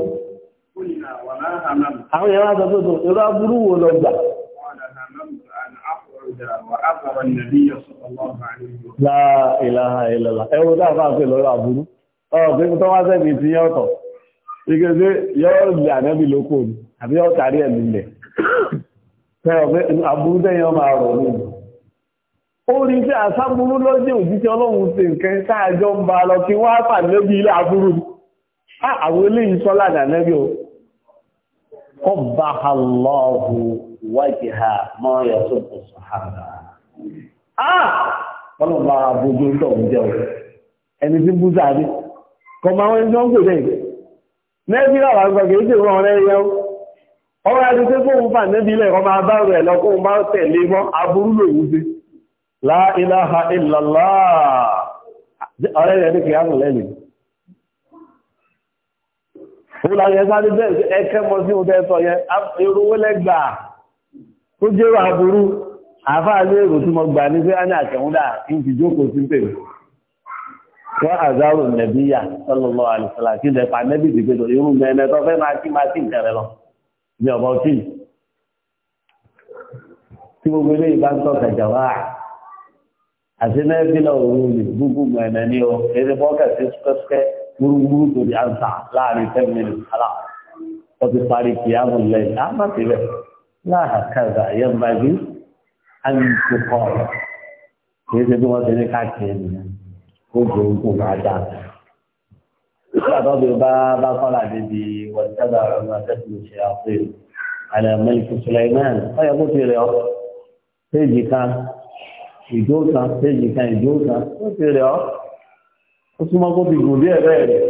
Speaker 1: àwọn èèyàn wá sọ pé irú aburú wo lọ gbà La ilaha illallah. Ẹwọ dáfà pé lọ́rọ̀ àbúrú. Ọ̀rọ̀ pé tó wá sẹ́bì tí yọ́ tọ̀. Ike pé yọ́ lè ànẹ́bì lókò ní, àbí yọ́ Ó rí pé àsáburú lọ́jẹ́ òjíṣẹ́ ọlọ́run ti nǹkan sáàjọ ń ba lọ kí wọ́n pàdé bí ilé àbúrú. Àwọn eléyìí sọ́lá ànẹ́bì o. قبح الله ha ما يسب الصحابة ah wọ́n bá bójú tó ń jẹun ẹni tí bú sáà ní kọmọ àwọn ẹni tó ń gbèdè nẹ́bí làwọn àgbà kìí ṣe wọn ọ̀rẹ́ yẹn ọ̀rọ̀ ẹni tó kó ń la òun làwọn yẹn sáré bẹ́ẹ̀ ẹkẹ́ mọ sí ohun tẹ́ sọ yẹn èrò owó lẹ́gbà tó jẹ́rọ aburú àáfàá ní èrò tí mo gbà ní pé ánì àtẹ̀wúndà kí n jókòó sí pèmí kọ́ àzárò nẹ̀bíyà sallallahu alaihi wasallam kí lẹ́pà nẹ́bí ti gbẹdọ̀ irú mẹ́ẹ̀mẹ́ tó fẹ́ máa kí máa kí nǹkan rẹ lọ ní ọ̀bọ̀ tí tí gbogbo ilé ìbá ń tọ́ka jàwá àti nẹ́bí lọ òun ní gbogbo mẹ́ẹ̀mẹ́ ní o gbúrúgbúrú tó di àǹtà láàrin ten minutes alá wọ́n ti parí kìyàmù lẹ́yìn àbátìlẹ̀ láàkàdà yẹ́mbàgbé àǹtòkọ̀ kìí ṣe bí wọ́n ti ní káàkiri nìyẹn ó jẹ́ ogun máa dà. Àtọ́bí bá bá kọ́lá débi wọ́n sábà ọmọ akẹ́kọ̀ọ́ ṣe àfihàn àlẹ́ mẹ́lìkì Suleiman ọ̀yẹ́ kó ti rẹ̀ ọ́ péjì kan ìjó kan péjì kan ìjó kan ó ti rẹ̀ ọ́ ó súnmọ́ kó ti gùn díẹ̀ bẹ́ẹ̀ rẹ̀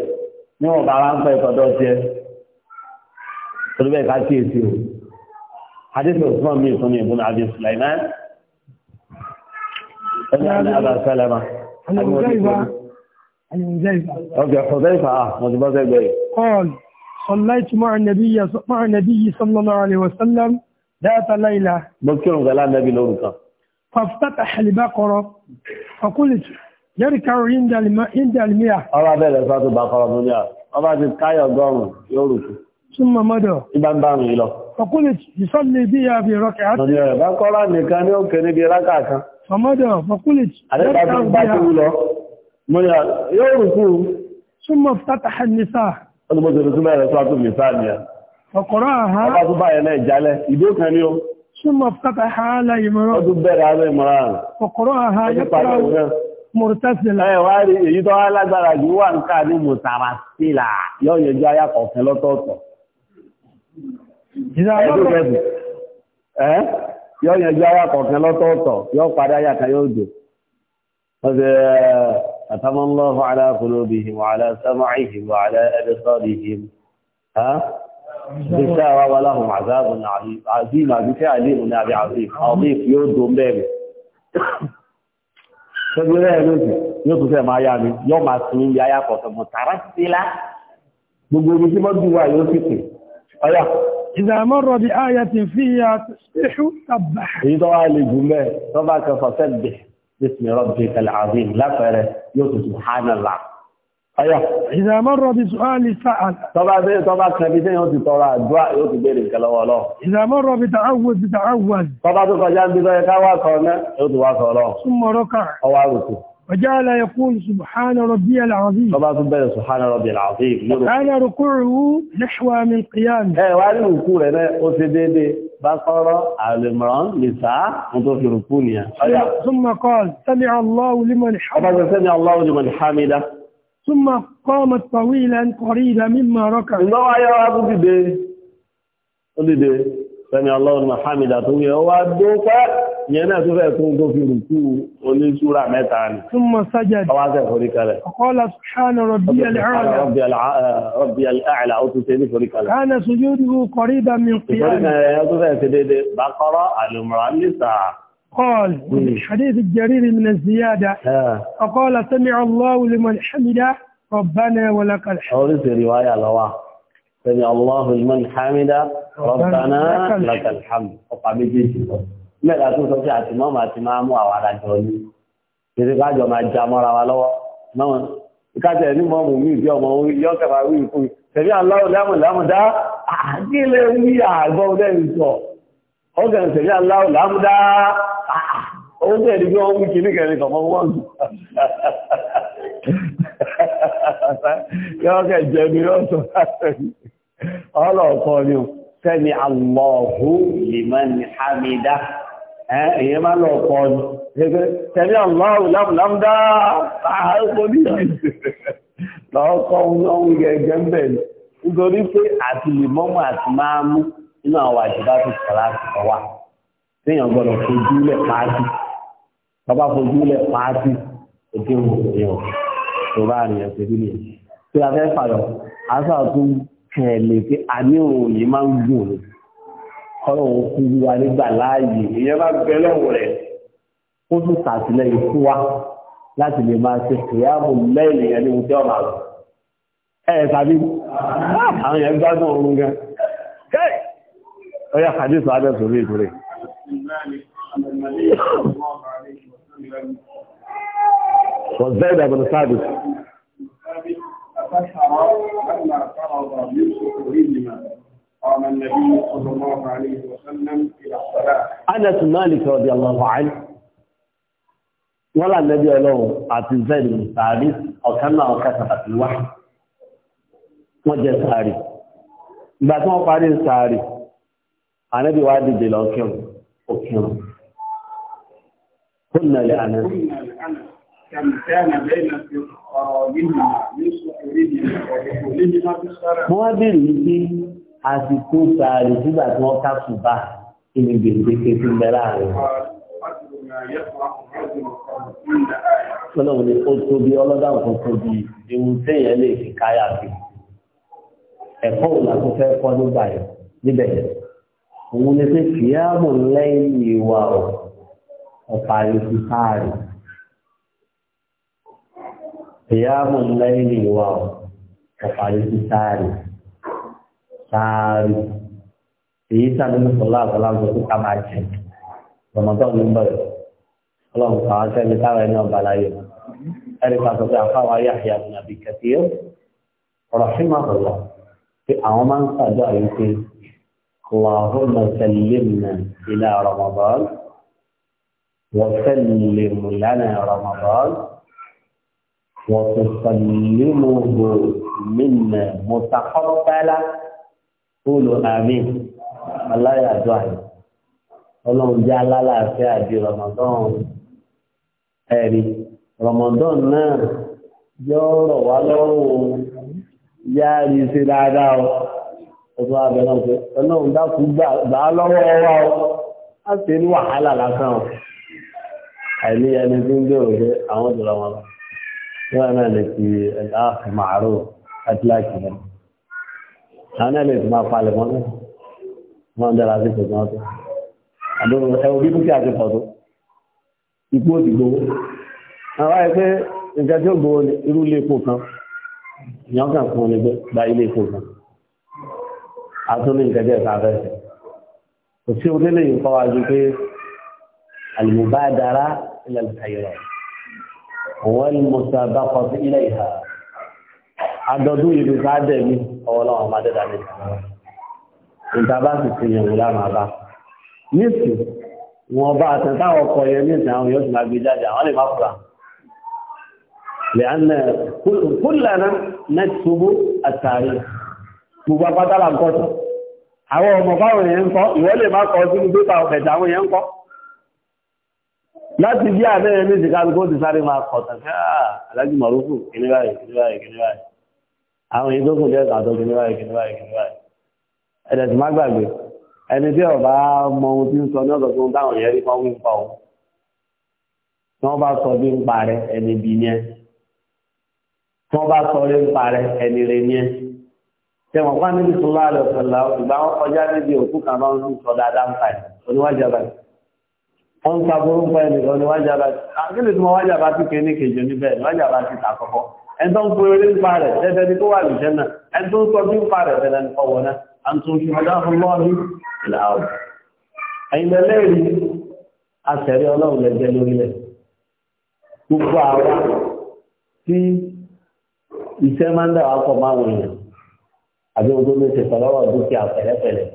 Speaker 1: níwọ̀n bá ara ń pẹ́ ìtọ́jọ́ tiẹ̀ torí bẹ́ẹ̀ ká kíyèsí o hadith Usman mi ìfúnni ìbùnà àbí Sulaiman
Speaker 2: ẹni àbí Abba Salama.
Speaker 1: أوكي حذيفة مضبوط قال
Speaker 3: صليت مع النبي مع النبي صلى الله عليه وسلم ذات ليلة
Speaker 1: بكر قال النبي لورك
Speaker 3: فافتتح البقرة فقلت yẹ́rìkàrò ìndàlmíà. ọba bẹ̀rẹ̀ sọ́tù bá kọ́rọ̀ tó yà ọba ti káyọ̀ ọgọ́rùn-ún yóò rùkú. súnmọ́ mọ́dọ̀. ibà ń lọ. ọkùnrin ìsọ́lẹ̀ bí i àbí rọ́kẹ̀
Speaker 2: àti. ọ̀dọ̀ rẹ̀ bá kọ́rọ̀ nìkan
Speaker 3: ní òkè níbi rákà kan. ọkùnrin.
Speaker 2: lọ.
Speaker 1: mo yóò rùkú. fata ha n'isa. súnmọ́ fata ìmọ̀ràn. ọdún bẹ̀rẹ̀ ìmọ̀ràn. mọ̀tẹ́sílà. ẹ wá rí èyí tó wá lágbára jù wà ń ká ní mọ̀tàràsílà yóò yẹjú ayá kọ̀ọ̀kan lọ́tọ̀ọ̀tọ̀. yóò yẹjú ayá kọ̀ọ̀kan lọ́tọ̀ọ̀tọ̀ yóò padà ayá kan yóò dò. ọ̀sẹ̀ atamallahu ala ṣẹ́bi rẹ̀ lóṣù yóò tún fẹ́ máa yá mi yóò máa sin ibi ayá kọ̀ọ̀kan mọ̀ tààrà sí la gbogbo omi tí wọ́n bí wà yóò sì pè ọ̀yà. ìdààmú rọ̀bì ayé ti fi ya iṣu tàbà. èyí tó wá lè jù mẹ́ tó bá kẹfà sẹ́gbẹ̀ẹ́ bí sinmi rọ̀bì kẹlẹ́ àbí lápẹ̀rẹ̀ yóò tún subhanallah Àyà. Ìdàmọ́rọ̀ bí sọ́ọ̀lì sáà. Tọ́bá tí tọ́bá kẹbí tí yóò ti tọrọ àdúrà yóò ti bèèrè nǹkan lọ́wọ́ lọ. Ìdàmọ́rọ̀ bí tààwọ̀ bí tààwọ̀. Tọ́bá tó kọjá ń bí lọ́yẹ káwà sọ̀rọ̀ yóò ti wá sọ̀rọ̀. Súnmọ̀rọ̀ kà. Ọwá rùkù.
Speaker 3: وجعل يقول سبحان ربي العظيم طبعا تبدا سبحان ربي
Speaker 1: العظيم
Speaker 3: كان ركوعه
Speaker 1: نحو من قيامه ايه وعلى الركوع هنا اوتيدي بقره ال عمران نساء انظر في ركوعها
Speaker 3: ثم قال سمع الله لمن حمده سمع الله لمن حمده ثم قامت طويلا قريبا مما
Speaker 1: ركع لو يا ابو ديده ديده سمع الله لمن حمده تو يوا دوكا ينا تو فẹ́ tún tó fi ruku oni sura mẹ́ta ni ثم سجد awa se forí kalẹ̀ qala subhana rabbiyal a'la rabbiyal a'la rabbiyal
Speaker 3: a'la ó tún ṣe ní forí kalẹ̀ kana sujuduhu qariban min qiyam forí kalẹ̀ ó tún ṣe déédéé
Speaker 1: baqara al-imran nisa
Speaker 3: قال في حديث الجرير من الزيادة فقال سمع الله لمن حمده ربنا ولك الحمد أورث
Speaker 1: رواية لواه سمع الله لمن حمده ربنا لك الحمد ọ̀pá méjèèjì lọ mẹ́ta tó sọ pé àti mọ́mọ́ àti máa mú àwọn adájọ́ ní kìí kájọ máa já mọ́ra wa lọ́wọ́ mọ́mọ́ ìkájọ ní mọ́mù mi bí ọmọ orí yọ́ kẹfà wí fún mi tẹ̀lé aláwọ̀ lámùn lámùn dá àgbélé wí àgbọ̀ ọdẹ ìsọ̀ ọgàn tẹ̀lé òun tẹ̀ ní kí wọ́n wí kìíní kẹrin kọ̀mọ́ wọ́n yọ́ kẹ̀ jẹ́ mi lọ́sọ̀ ọlọ́ọ̀kọ́ ni ó sẹ́ni àlọ́ọ̀hù lèmọ́n hamida èyẹ máa lọ ọ̀pọ̀ sẹ́ni àlọ́ọ̀hù lámdá àárùkọ́ ní lọ́ọ̀kọ́ téèyàn gbọ́dọ̀ fojú lẹ̀ pàátì bàbá fojú lẹ̀ pàátì ètò ìwòrán tó bá rìn ẹ̀sẹ̀ bí tí a fẹ́ fàyọ̀ aṣọ àtún kẹ̀lé pé a ní òun yìí máa ń gùn ní kọ́lọ̀ òun kú wa nígbà láàyè ìyẹn bá bẹ lọ́wọ́ rẹ̀ ó tún ṣàtìlẹ́yìn fún wa láti lè máa ṣe kìyàmù lẹ́yìn ẹni ohun tí ọ̀nà àlọ́ ẹ̀ tàbí àwọn èèyàn gbádùn ọ̀run gan kẹ́ ọ̀yà kàdé sọ adẹ́sọ̀rọ̀ ìtòrè
Speaker 2: بن مالك أن النبي صلى الله وزيد بن ثابت فسر
Speaker 1: أنس مالك رضي الله عنه ولا النبي له أعطي زيد بن أو كما أو كتبت الوحي وجه ساري بعد ما قال ساري أنا بوادي بلوكيوم òkìrùn. Kúnnà lè àná. Wọ́n wá bèèrè wípé àsìkò sàárì nígbà tí wọ́n ká ṣùgbà ìní gbèǹdéke tó ń bẹ láàrin. Ọlọ́run ni ó tóbi ọlọ́dà kan tóbi ewu téèyàn lè fi káyà sí. Ẹ̀kọ́ òun àti fẹ́ kọ́ nígbà yẹn níbẹ̀ yẹn òun ni pé kìyàmù lẹ́yìn ìwà ọ̀pá ìlú káàrí kìyàmù lẹ́yìn ìwà ọ̀pá ìlú káàrí káàrí èyí sáré ní sọlá àgbàlá ń gbọ́dọ̀ ká máa jẹ rọmọdọ́ ló ń bẹ̀rẹ̀ ọlọ́run kà á sẹ́ni táwọn ẹni ọba láyé ẹni pàṣẹ pé àfáwà Yahya bin Abi Kathir rahimahullah pé àwọn máa ń ṣàdúrà yìí pé اللهم سلمنا إلى رمضان وسلم لنا رمضان وتسلمه منا متقبلا قولوا آمين الله يا دعي ọlọ́run jẹ́ alálàáfíà di ramadan ẹ̀rí ramadan náà yọ ọ̀rọ̀ wá lọ́rùn yáa rí dáadáa o ọdún abẹ náà pé ọlọ́run dákú gbà á lọ́wọ́ ọwọ́ ọ á sì ní wàhálà lásán ọ àìní ẹni tí ń gbé òde àwọn jùlọ wọn lọ ní wọn náà lè fi ẹ̀dá màárò àtìláàkì rẹ àwọn náà lè fi máa palẹ̀ wọn náà wọn dára sí ìpèsè wọn tó àdúró ẹwọ bí dúkìá ti pọ̀ tó ikú ò ti gbowó àwọn nǹkan tí ó gbowó irú ilé epo kan ìyàn fún un ní gbà ilé epo kan àtúndì ìtẹ́jẹ́ ìsàfẹ́sẹ̀ kò sí onílé yìí kọ́ wájú pé al-mubadara ila al-khayrat wal-musabaqati ilayha adọ́dún ìlú sáájẹ̀ mi ọwọ́láwọn ọmọdé dàbí ìtàbá sì ti yẹ̀wò lánàá bá nísì wọn bá àtẹ̀táwọ̀ kọ yẹ nísì àwọn yóò ti máa gbé jáde àwọn lè má fura lẹ́yìn kúlànà náà ti ṣubú àtàrí gbogbo apátálà ń kọ́tù àwọn ọmọ báwọn èèyàn ń kọ́ ìwọ lè má kọ sínú pépà ọ̀fẹ̀tà àwọn èèyàn ń kọ́ láti bí àbẹ́rẹ́ méjì kálukú ti sáré máa kọ̀ tàbí ah, alájú mọ̀rúkù kìnní báyìí kìnní báyìí kìnní báyìí àwọn èyí tó kù jẹ́ kàtó kìnní báyìí kìnní báyìí kìnní báyìí ẹ̀dẹ̀ tí má gbàgbé ẹni tí ọba mọ ohun tí ń sọ ní ọ̀sọ̀ tó ń dáhùn yẹn rí kan wí ń tẹ̀wọ̀n wá níbi sọlá rẹ̀ ọ̀sọ̀lá ìgbà wọn kọjá níbi òkú kan máa ń lù sọ dáadáa ń pa ẹ̀ oníwájú abàtì wọn ń pa burú ń pa ẹnìkan oníwájú abàtì ah, kí ni mo wájú abàtì pé ní kejì oníbẹ̀ níwájú abàtì tà kọ́kọ́ ẹni tó ń pe orí ń pa rẹ̀ tẹ́tẹ́ ni kó wà lùjẹ́ náà ẹni tó ń tọ́jú ń pa rẹ̀ tẹ́tẹ́ ni kọ́ wọ náà àǹtò ìṣúná fún lọ́ọ̀lù ìlà ọ̀rọ̀ ẹ̀yin lẹ́lẹ́rìí àṣẹ̀rí ọlọ́run lẹ́jẹ́ lórílẹ̀ gbogbo àwa tí iṣẹ́ máa ń dà wá pọ̀ máa wọ̀nyàn àbí ojú ló ṣe pẹ̀lọ́wọ́ dúkìá pẹ̀lẹ́pẹ̀lẹ́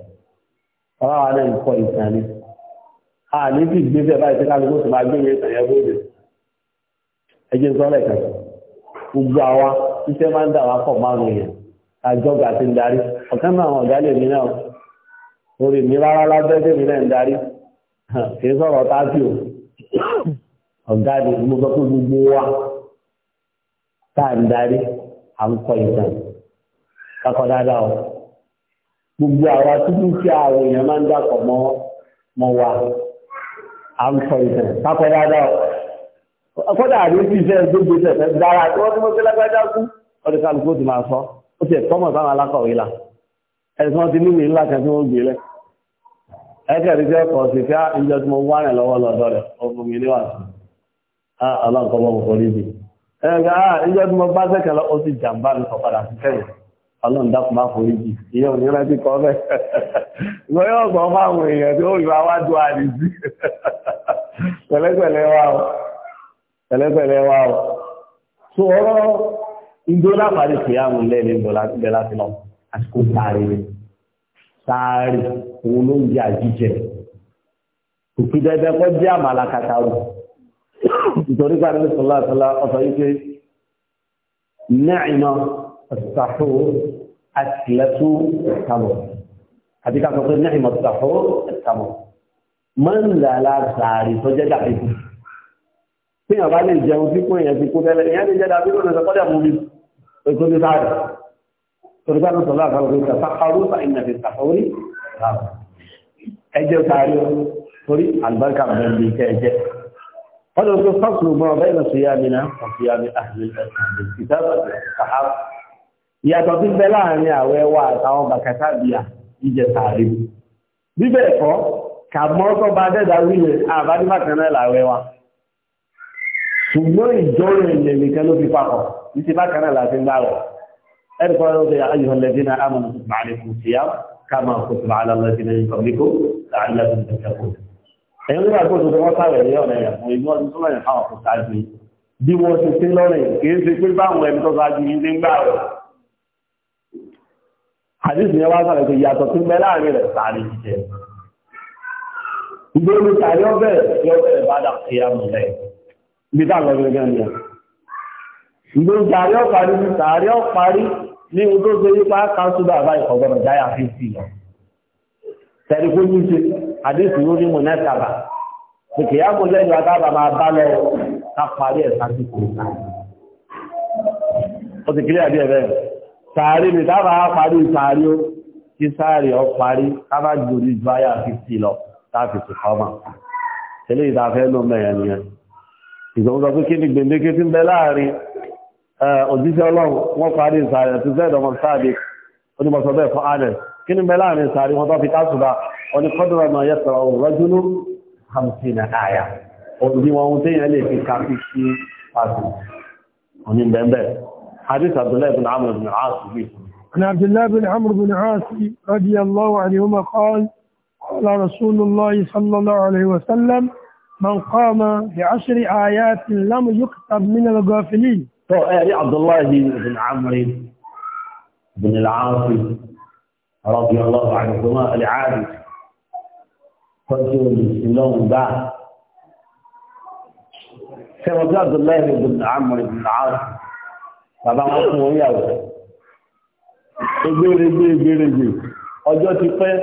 Speaker 1: ọ̀rọ̀ àwọn náà ń kọ ìtàn ni a ní bí gbé bẹ́ẹ̀ báyìí síkà lóko tó máa gbé ìwé ìtàn yẹn bóde ẹjẹ ń sọ́lẹ̀ kan gbogbo àwa iṣẹ́ máa ń dà wá pọ̀ márùn-ún yẹn àjọgbà ti ń darí ọ̀kan náà àwọn ọ̀gá lè mí náà orí mi rárá lábẹ́jẹ́ mi náà ń darí kì í sọ̀rọ̀ táàbì o ọ̀gá ni mo sọ pé gbogbo wa tá à ń darí à ń kọ ìtàn kakọ dáadáa o gbogbo àwa títí tí àwọn èèyàn máa ń dàpọ̀ mọ́ mọ́ wa à ń sọ ìtàn kakọ dáadáa o akọ́dà àdéhùn iṣẹ́ gbogbo iṣẹ́ fẹ́ dára tí wọ́n ti mọ́ sí lágbájá kú ọdún kálukú ti máa sọ ó ti ẹ̀kọ́ mọ̀ sáwọn alákọ̀wé la ẹ̀sán ti níwèé ńlá kan tí wọ́n gbé lẹ́ ẹ̀kẹ́rì jẹ́ ọkọ̀ sí fẹ́ ah, ìjọ tí mo wá rẹ̀ lọ́wọ́ lọ́dọ̀ rẹ̀ ọkùnrin mi níwà sí ah, ọlọ́nkọ́ mọ́ mọ́ kọ́ níbi ẹ̀ka ìjọ tí mo bá sẹ́kẹ̀ lọ ó sì jàǹbá mi sọ padà sí sẹ́yìn ọlọ́run dákun bá forí jì ìyá òní rántí kọ́ bẹ́ẹ̀ ìwọ yóò gbọ́ fún àwọn èèyàn tó ìwà wá dùn àdìsí pẹ̀lẹ́pẹ̀lẹ́ wà ó pẹ̀lẹ́pẹ̀lẹ́ wà ó tó ọ̀rọ̀ ìdólà parí kìyàmù lẹ́ẹ̀lẹ́ ìdólà láti lọ àsìkò sáré rẹ̀ sáré òun ló ń jẹ àjíjẹ òkú dẹ́dẹ́ kọ́ jẹ́ àmàlà kàkàrò nítorí pàdé sọlá sọlá ọ̀sọ̀ yìí pé náà ìmọ̀ أكلة التمر حتى كان يقول نعم السحور التمر من لا لا ساري فجد عبده في أبال الجو في كون يزيكو دل يعني جد عبده ونسقل يقول يقول ساري فرقان صلى الله عليه وسلم تسحروا فإن في السحور أجل ساري فريق البركة من بيك أجل قالوا في الفصل ما بين صيامنا وصيام أهل الكتاب والصحابة ìyàtọ̀ tí ń bẹ láàrin àwẹ̀ wa àtàwọn bàkàtà bíà ìjẹ tààrí bíbẹ̀ ẹ̀kọ́ kàmọ́tọ́ bá dẹ́dà wílẹ̀ àbádìbàkanáà làwẹ̀ wa ṣùgbọ́n ìjọrò ilẹ̀ nìkan ló fi papọ̀ ní ti bákanáà láti ń dáwọ̀ ẹ̀rùkọ́ ló fi ayọ̀ lẹ́dí na amọ̀ bàálẹ̀ kù sí yá kàmà kò tó bàálẹ̀ lẹ́dí na ìkọ̀ níkò àdìsí yẹn wá sọ̀rọ̀ pé ìyàtọ̀ tó mẹ́ láàrin rẹ̀ sàárì jíjẹ ìgbóni sàárì ọbẹ̀ yọbẹ̀ ìbádà ìyá mọ̀lẹ́ ibi táwọn gẹ́gẹ́ ni ìgbóni sàárì ọparí ní sàárì ọparí ní odó gbé nípa káńsù bàbá ìkọ̀gbọ̀nà jáyà fi sí lọ tẹ̀lé kó ní ṣe àdìsí ló ní mọ̀ nẹ́tàbà kìkì sàárì ní tábà parí sàárì ó kí sàárì ọ parí tábà gbòrí ju àyà fífì lọ láti tùkọ́mà tẹ́lẹ̀ ìdáfẹ́ ló mẹ́rin nìyẹn ìgbọ̀nsọ pé kí ni gbèǹdéke ti ń bẹ láàrin òjíṣẹ́ ọlọ́run wọ́n parí sàárì àti zed ọmọ sáàdì onímọ̀sọ bẹ́ẹ̀ fún anẹ kí ni bẹ láàrin sàárì wọn tó fi kásùbà wọn ni kọ́dùrọ̀ náà yẹ sọ̀rọ̀ òun rọ́júnú hamsina àyà òun bí wọn ohun téèyàn lè fi káfí sí pàṣẹ òní حديث عبد الله بن عمرو بن العاص
Speaker 3: عن عبد الله بن عمرو بن العاص رضي الله عنهما قال قال رسول الله صلى الله عليه وسلم من قام بعشر آيات لم يكتب من
Speaker 1: الغافلين طيب، آه، يعني عبد الله بن عمرو بن العاص رضي الله عنهما العادي فجر الاسلام بعد كما عبد الله بن عمرو بن العاص bàbá wọn fún orí àwẹ̀ egbèrègbè egbèrègbè ọjọ́ ti pẹ́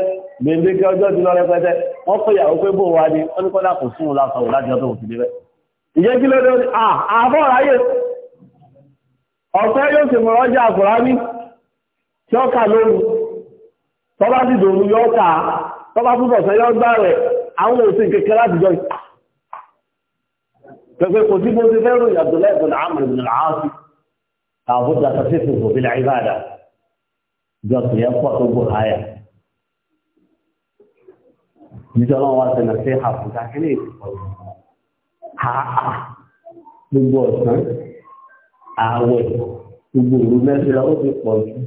Speaker 1: gbèǹdéke ọjọ́ ti lọ rẹpẹtẹ wọ́n fẹ́ ìyàwó pé bó wa ni wọ́n ní kọ́lá kò fún un lásán wò láti ọdún òfin rẹ̀ ìyẹn kí ló dé àbọ̀ ráyè ọ̀fẹ́ yóò sì mọ̀ ọjà àkùrá ní tí ó kà lóru tọ́ba ti dòru yọ ọ́ kà á tọ́ba púpọ̀ sọ yọ gbá rẹ̀ àwọn òsìn kékeré láti jọ pẹ̀pẹ̀ kò sí bó ti fẹ́ràn ìyàtọ̀ lẹ́ẹ̀kan àmọ̀ لابد تصفه بالعبادة جوت يقوى تبو هاي مثل ما وارد نصيحة فتاكني ها تبو سن آوي تبو رمز لأو تقول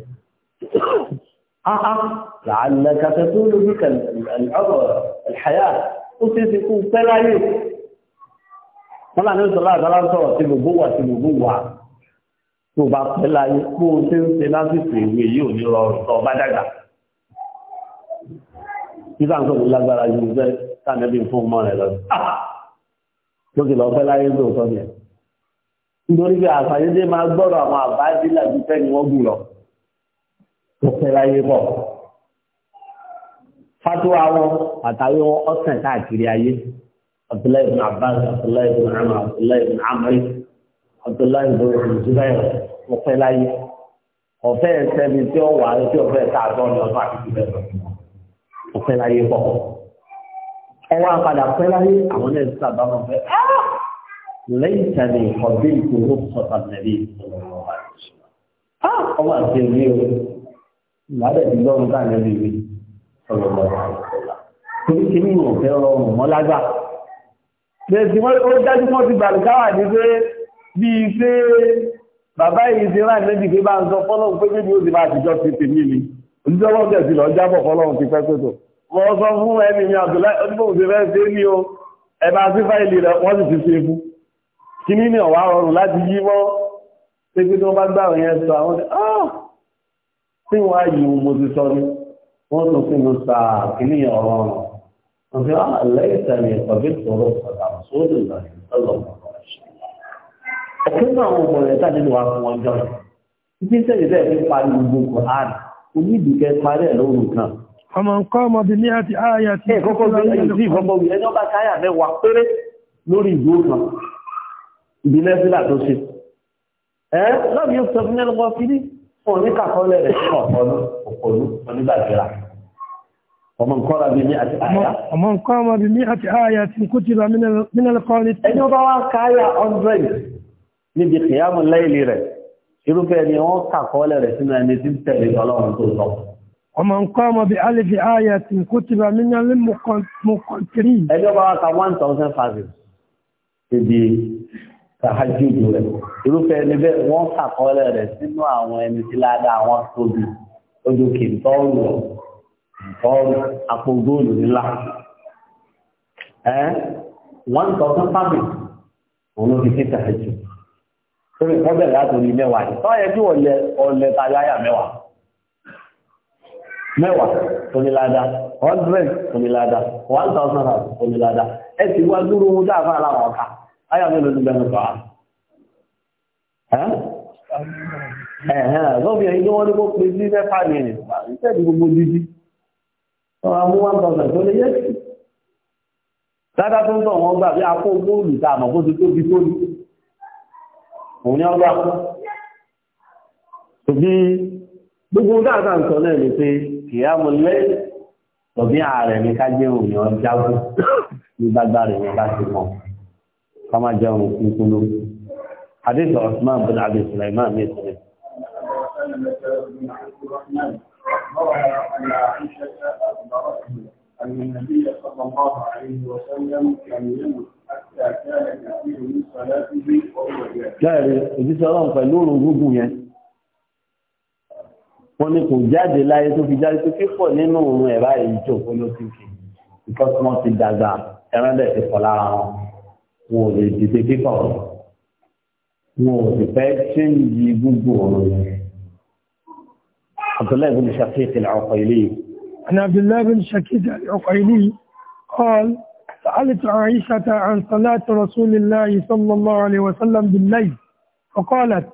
Speaker 1: ها ها لعلك تطول بك العمر الحياة وتسيق سلايك والله نزل الله دلالته تبو بوا تبو بوا tó bá pẹ́ láyé kó o ṣe ń ṣe lásìkò ìwé yìí ò ní rọrùn tó bá dàgbà. Nígbà tó kò lágbára ju ìgbẹ́ sànẹ́bí fún ọmọ rẹ̀ lọ. Tó kì lọ pẹ́ láyé lóòótọ́ ni. Nítorí pé àṣàyédé máa gbọ́dọ̀ àwọn àbá ìdílé àti fẹ́ ni wọ́n gùn lọ. Tó pẹ́ láyé pọ̀. Fátúwá wọn àtàwé wọn ọ̀sán káàkiri ayé. Abdullahi ibn Abbas, Abdullahi ibn Amr, Abdullahi ibn Amr. Abdullahi bin Zubair ọ̀fẹ́ láyé ọ̀fẹ́ ẹ̀sẹ̀bi tí ó wà tí ọ̀fẹ́ ẹ̀ka àtọ́ ni ọ̀fẹ́ àti ìbẹ̀rẹ̀ ọ̀fẹ́ láyé pọ̀ ọwọ́ apàdà fẹ́ láyé àwọn náà ti sábà wọn fẹ́ lẹ́yìn tàbí ọ̀dé ìkòrò sọ̀tà nàbí ọwọ́ àti ìwé o ìwádìí ti lọ́rùn bá nàbí ìwé ọ̀lọ́lọ́ torí kí ni ìwọ̀n fẹ́ rọrùn mọ́lágbà bẹ́ẹ̀ sì wọ́n dájú wọ́n ti gbàlùkáwà ní pé bí i pé bàbá yìí ti rán ìrẹ́bì pé bá ń sọ fọ́lọ́hùn pé bébí ó ti máa tìjọ́ ti tèmi ni oníṣẹ́wọ́n tẹ̀ sí lọ jábọ̀ fọ́lọ́hùn ti pẹ́ pẹ́tò wọ́n sọ fún ẹni mi Abdullahi oníbòhùn ti fẹ́ ṣe
Speaker 3: ní o ẹ bá sí fáìlì rẹ wọ́n sì ti ṣe fún kí ní ọ̀wá rọrùn láti yí mọ́
Speaker 1: pé pé tí wọ́n bá gbà yẹn sọ àwọn ah tí wọ́n á yìí mo ti sọ ni wọ́n tún fi lu sáà kí ní ọ̀rọ̀ rọ̀ wọ́n fi ah lẹ́yìn tẹ̀lé ọ̀gbẹ́ sọ̀rọ̀ ọ̀dà ọ̀kẹ́ náà àwọn ọmọ rẹ̀ sáà nínú wa fún wọn jọ títí sẹ́yìn bẹ́ẹ̀ fi parí gbogbo Quran onídìíkẹ́ parí ẹ̀ lóru kan. ọmọ nǹkan ọmọdé ní àti ààyà tí. ẹ kọ́kọ́ bí ẹni tí ìfọ́nbọ̀ wù ẹni ọba káyà mẹ́wàá péré lórí ìdúró kan ìbílẹ̀ sílà tó ṣe. ẹ lọ́ọ̀bì yóò sọ fún ẹnu kan fi ní fún oníkàkọ́lẹ̀ rẹ̀ fún ọ̀pọ̀lú ọ̀pọ̀lú onígbàgbéra. ọmọ nǹkan ọmọdé ní àti ààyà.
Speaker 3: ọmọ nǹkan ọmọdé ní àti ààyà tí kò
Speaker 1: níbi kìyàmù láìlì rẹ̀ irúfẹ́ ni wọ́n kàkọọ́lẹ̀ rẹ̀ sínú ẹni tí ń tẹ̀lé ọlọ́run tó sọ.
Speaker 3: ọmọ nǹkan ọmọ bíi alifi aya tí kò ti bá mi náà lé mo kàn tírì. ẹjọ́ bá wa ka one
Speaker 1: thousand five ibi sàájúdù rẹ̀ irúfẹ́ ni bẹ́ẹ̀ wọ́n kàkọọ́lẹ̀ rẹ̀ sínú àwọn ẹni tí ládàá wọn tóbi ojú kìntọ́ọ̀rù ọ̀rù àpò góòlù ńlá. ẹ one thousand five òun ló fi kí sàájúdù torí wọ́n bẹ̀rẹ̀ mẹ́wàá ni tọ́ yẹ kí ọ̀lẹ ọ̀lẹ tayọ mẹ́wàá mẹ́wàá tóníláda hundred tóníláda one thousand ẹ sì wá dúró ohun tá a fà láwọn ọ̀ka àyà mélòó ti gbẹnu kàn án. lọ́bì ẹ̀yìn tó ń tọ̀ wọ́n gbà bí akó góòlù tá a mọ̀ kó ti tóbi tóbi òun ni ọgbà tòbí gbogbo dáadáa ń sọ náà ni pé kìá mo lé tòbí ààrẹ ní ká jẹ́ òun yàn jágùn ní gbàgbà rẹ̀ bá ti mọ̀ ká má jẹ́ òun kú kú lóko àdéhùn Osman bin Abi mi sọ̀rọ̀
Speaker 2: Thank you. أن النبي صلى الله عليه وسلم كان يموت حتى كان كثير من صلاته وهو جاهل. لا
Speaker 1: إذا صلاة فلور وجوه wọ́n ní kò jáde láyé tó fi jáde tó kíkọ̀ nínú òun ẹ̀ báyìí ìjọ olókìkì because wọ́n ti dàgbà ẹran dẹ̀ ti pọ̀ lára wọn wọn ò lè dìde kíkọ̀ wọn ò sì fẹ́ ṣéǹjì gbogbo ọ̀rọ̀ yẹn. àbdùlá ṣàfihàn ọkọ̀ ilé yìí
Speaker 3: عن عبد الله بن شكيد العقيلي قال سألت عائشة عن صلاة رسول الله صلى الله عليه وسلم بالليل فقالت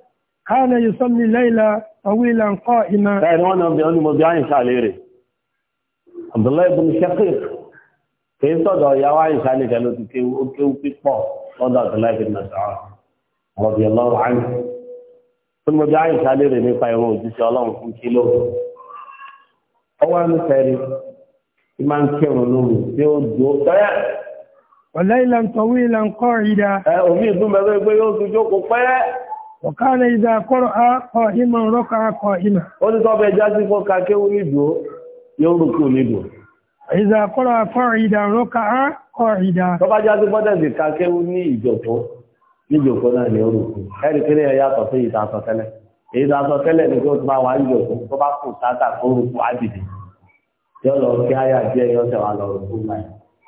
Speaker 3: كان يصلي ليلة طويلا قائما تعرفون
Speaker 1: بأن مبيعين شعليري عبد الله بن شقيق كيف تدعى يا عائشة لكالو تكيو كيو بيقبا وضع ثلاثة المسعار رضي الله عنه ثم جاء عائشة ليري نفع يوم جسي الله كيلو ọwọ́ àmì fẹ́rí tí máa ndị kírun lóru tí ó dò pẹ́.
Speaker 3: ọ̀lá ìlà ń tọ̀wé omi ìdún bẹ́ẹ̀ pé
Speaker 1: yóò tún jókòó pẹ́.
Speaker 3: ọ̀kánà ìdá kọ́rọ̀ á kọ ìmọ̀ rọ́kà á kọ ìmọ̀. ó ní tọ́pẹ́ jásí fún kakéwú
Speaker 1: nídò yóò èyí tó aṣọ tẹ́lẹ̀ ní kó tó bá wà ń lò tó bá kù tátà tó rú kú ájìdì tí ó lọ kí áyà díẹ̀ yọ ọ̀sẹ̀ lọ rú kú láì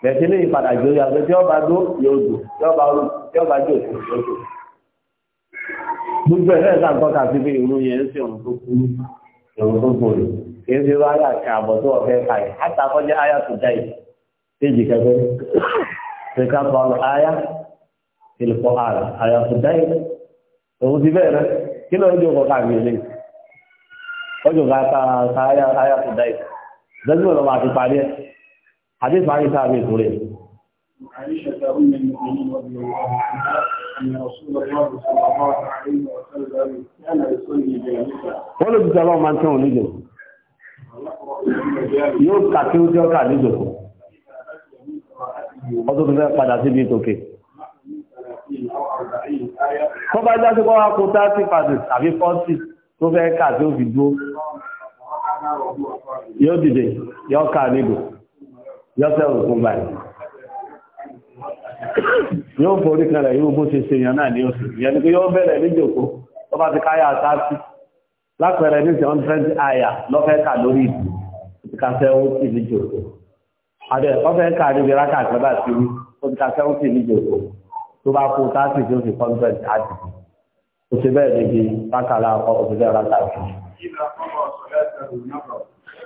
Speaker 1: bẹ̀tí lè padà jó ya pé tí ọba dó yóò dò tí ọba rú tí ọba jó yóò dò gbogbo ẹ̀fẹ́ sàǹkọ́ kàfi bí irú yẹn ń ṣe tó kú òun tó gbòòrò kì í ṣe wá áyà kan àbọ̀ tó ọ̀fẹ́ ká yìí àtàkọ́jẹ́ áyà tó tó dá yìí òun ti kí ló ń jọ kọ káàmì ilé ọjọ́ ká ká ká ayá ayá tó dá yìí zẹ́jú ọ̀rọ̀ máa ti parí ẹ̀ àti parí ni ìtúrẹ́ yìí.
Speaker 2: عائشة أم المؤمنين رضي الله tu
Speaker 1: أن رسول sini tu ke? tó bá jáde pọ́ wákò 30 percent àbí 40 tó fẹ́ kà tí ó fi dúó yóò dìde yóò ká nílò yóò sẹ́rù fún báyìí yóò forí kan rẹ̀ yóò bó ṣe ṣe yàn náà ní oṣù yẹn ni pé yóò bẹ̀rẹ̀ ní jòkó tó bá ti káyà 30 lápẹẹrẹ ní 720 àyà lọ́fẹ́ kà lórí ìdí ìkàṣẹ́ ó sì ní jòkó tó bá kó táàtì tó fi kọ́ńtẹ̀ táàtì tó bẹ́ẹ̀ níbi bákàlà ọkọ̀ òṣèlú ẹ̀rọ táàtì.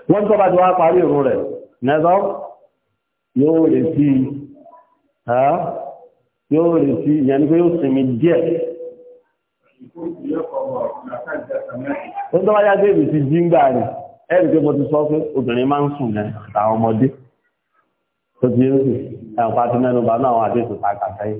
Speaker 1: wọ́n tó bá ti wá parí ìrun rẹ̀ nẹ́zọ́ yóò lè fi ìyẹn ni pé yóò sinmi díẹ̀. ó tọ́ wáyá débi ti jíǹgbà rẹ̀ ẹ̀rì pé mo ti sọ pé obìnrin máa ń sùn ní àwọn ọmọdé tó ti ń sùn ẹ̀ǹpa ti mẹ́nu bá náà àwọn àdéhùn pàápàá sẹ́yìn.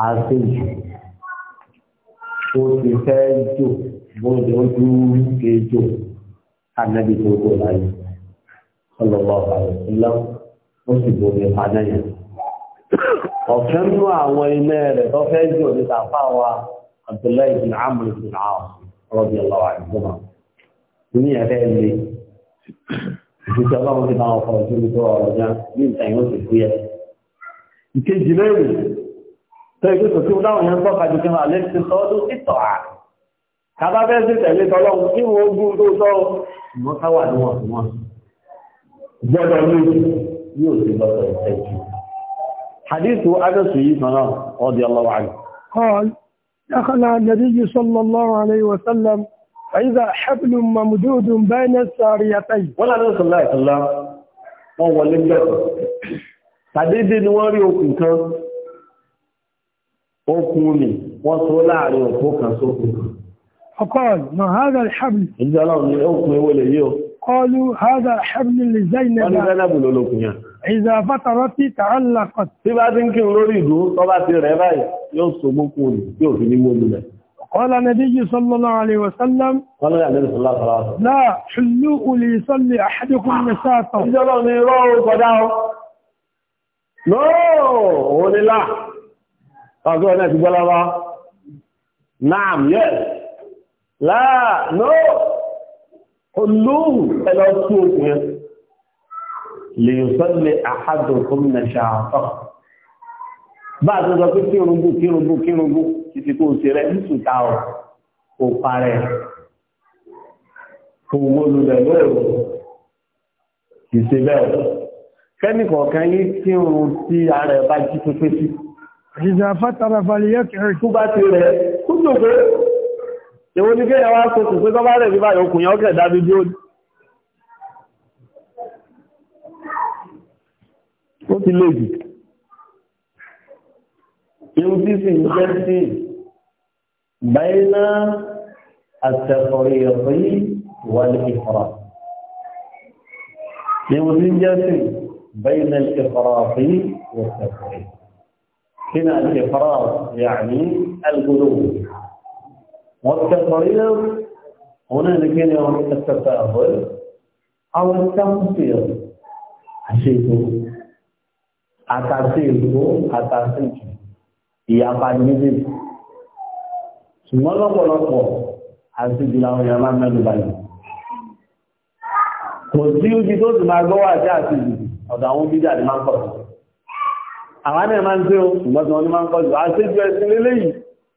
Speaker 1: àṣejù ó ti fẹ́ jò bóde ojú kejò anábì tó kò láyé ọlọ́wọ́ àrùsílá ó sì bóde panáyà ọ̀kan nú àwọn iná rẹ̀ tó fẹ́ jò ní tàfà wa Abdullahi bin Amr bin Aas rọ́bì ọlọ́wọ́ àdúgbò ní ẹ̀fẹ́ ilé ìfúnṣẹ́ ọlọ́run ti bá wọn fọ ojú mi tó ọ̀rọ̀ jẹun ní ìtàn yóò ti fúyẹ́ ìkejì mẹ́rin tẹ́gbẹ́ tó tí ó dáwọn yẹn tọ́ka jù kínú alẹ́ ti tọ́dún títọ̀ à kàbá fẹ́ sí tẹ̀lé tọ́lọ́run kí wọ́n gún tó tọ́ ìwọ́n ká wà níwọ̀n tí wọ́n gbọ́dọ̀ ní yóò ti lọ́tọ̀ ìtẹ́jú hadithu adẹ́sù yìí kan náà ọdí ọlọ́wà rẹ̀
Speaker 3: قال دخل النبي صلى الله عليه وسلم فإذا حبل ممدود بين الساريتين ولا
Speaker 1: نبي صلى الله عليه وسلم wọ́n wọlé gbẹ̀kọ̀ tàbí dé ni wọ́n rí okùn kan okùn ni wọ́n so láàrin òpó kan sókùn kan.
Speaker 3: ọkọọlù nà hádà alhábìlì. ìjọ ọlọ́run ni okùn ewé lè yí o. kọlu hádà alhábìlì lè zainab. wọ́n ní zainab ló lókun yẹn. ìzà fàtàrọ tí
Speaker 1: tààlà
Speaker 3: قال النبي صلى الله عليه وسلم
Speaker 1: قال يا النبي صلى الله عليه
Speaker 3: وسلم لا حلوء ليصلي احدكم مساطه
Speaker 1: لا لا ọ̀gbẹ́ ọ̀nà ti gbọ́lọ́wọ́ naam yes láà no olóhùn ẹlọ tí ó kìí lè sọ́lẹ̀ àhádùn fún nàṣà àtọ́ bá tó sọ pé kírùngbù kírùngbù kírùngbù títí kó ṣe rẹ̀ nítùta ọ̀ kò parẹ́ kò wọlù rẹ̀ lóòrò ìṣẹ́bẹ̀ kẹ́nìkọ̀ọ̀kan yí kírùn tí ara ẹ̀ bá jí pépé sí ìjà fátara falẹ̀yẹ́ kẹrì tó bá ti rẹ̀ kú tó pé èwo ní kéèyàn wá sókùn pé tọ́bá rẹ̀ bíbá yóò kùnyàn ọkẹ̀ dábí bí ó ní ó ti lè jù irú tí sì ń jẹ́ sí báyìí àtẹ̀kọ̀rẹ̀ ọ̀pẹ́ yìí wà ní ìfọ̀rọ̀ irú tí jẹ́ sí báyìí àtẹ̀kọ̀rẹ̀ ọ̀pẹ́ yìí wà ní ìfọ̀rọ̀ هنا الإفراط يعني الغلو والتفريط هنا لكن التساهل أو التمثيل عشيته àtàtìlú àtàtìjù ìyapa níbi ṣùgbọ́n lọ́pọ̀lọpọ̀ àtìjù làwọn èèyàn máa mẹ́lú báyìí kò sí ojú tó sì máa gbọ́wọ́ àti àtìjù ọ̀dọ̀ àwọn bídà ni máa ń pọ̀ sí àwọn náà máa ń gbé ohun ṣùgbọ́n tí wọ́n ní máa ń kọ́ jù àṣejù ẹ̀sìn lélẹ́yìí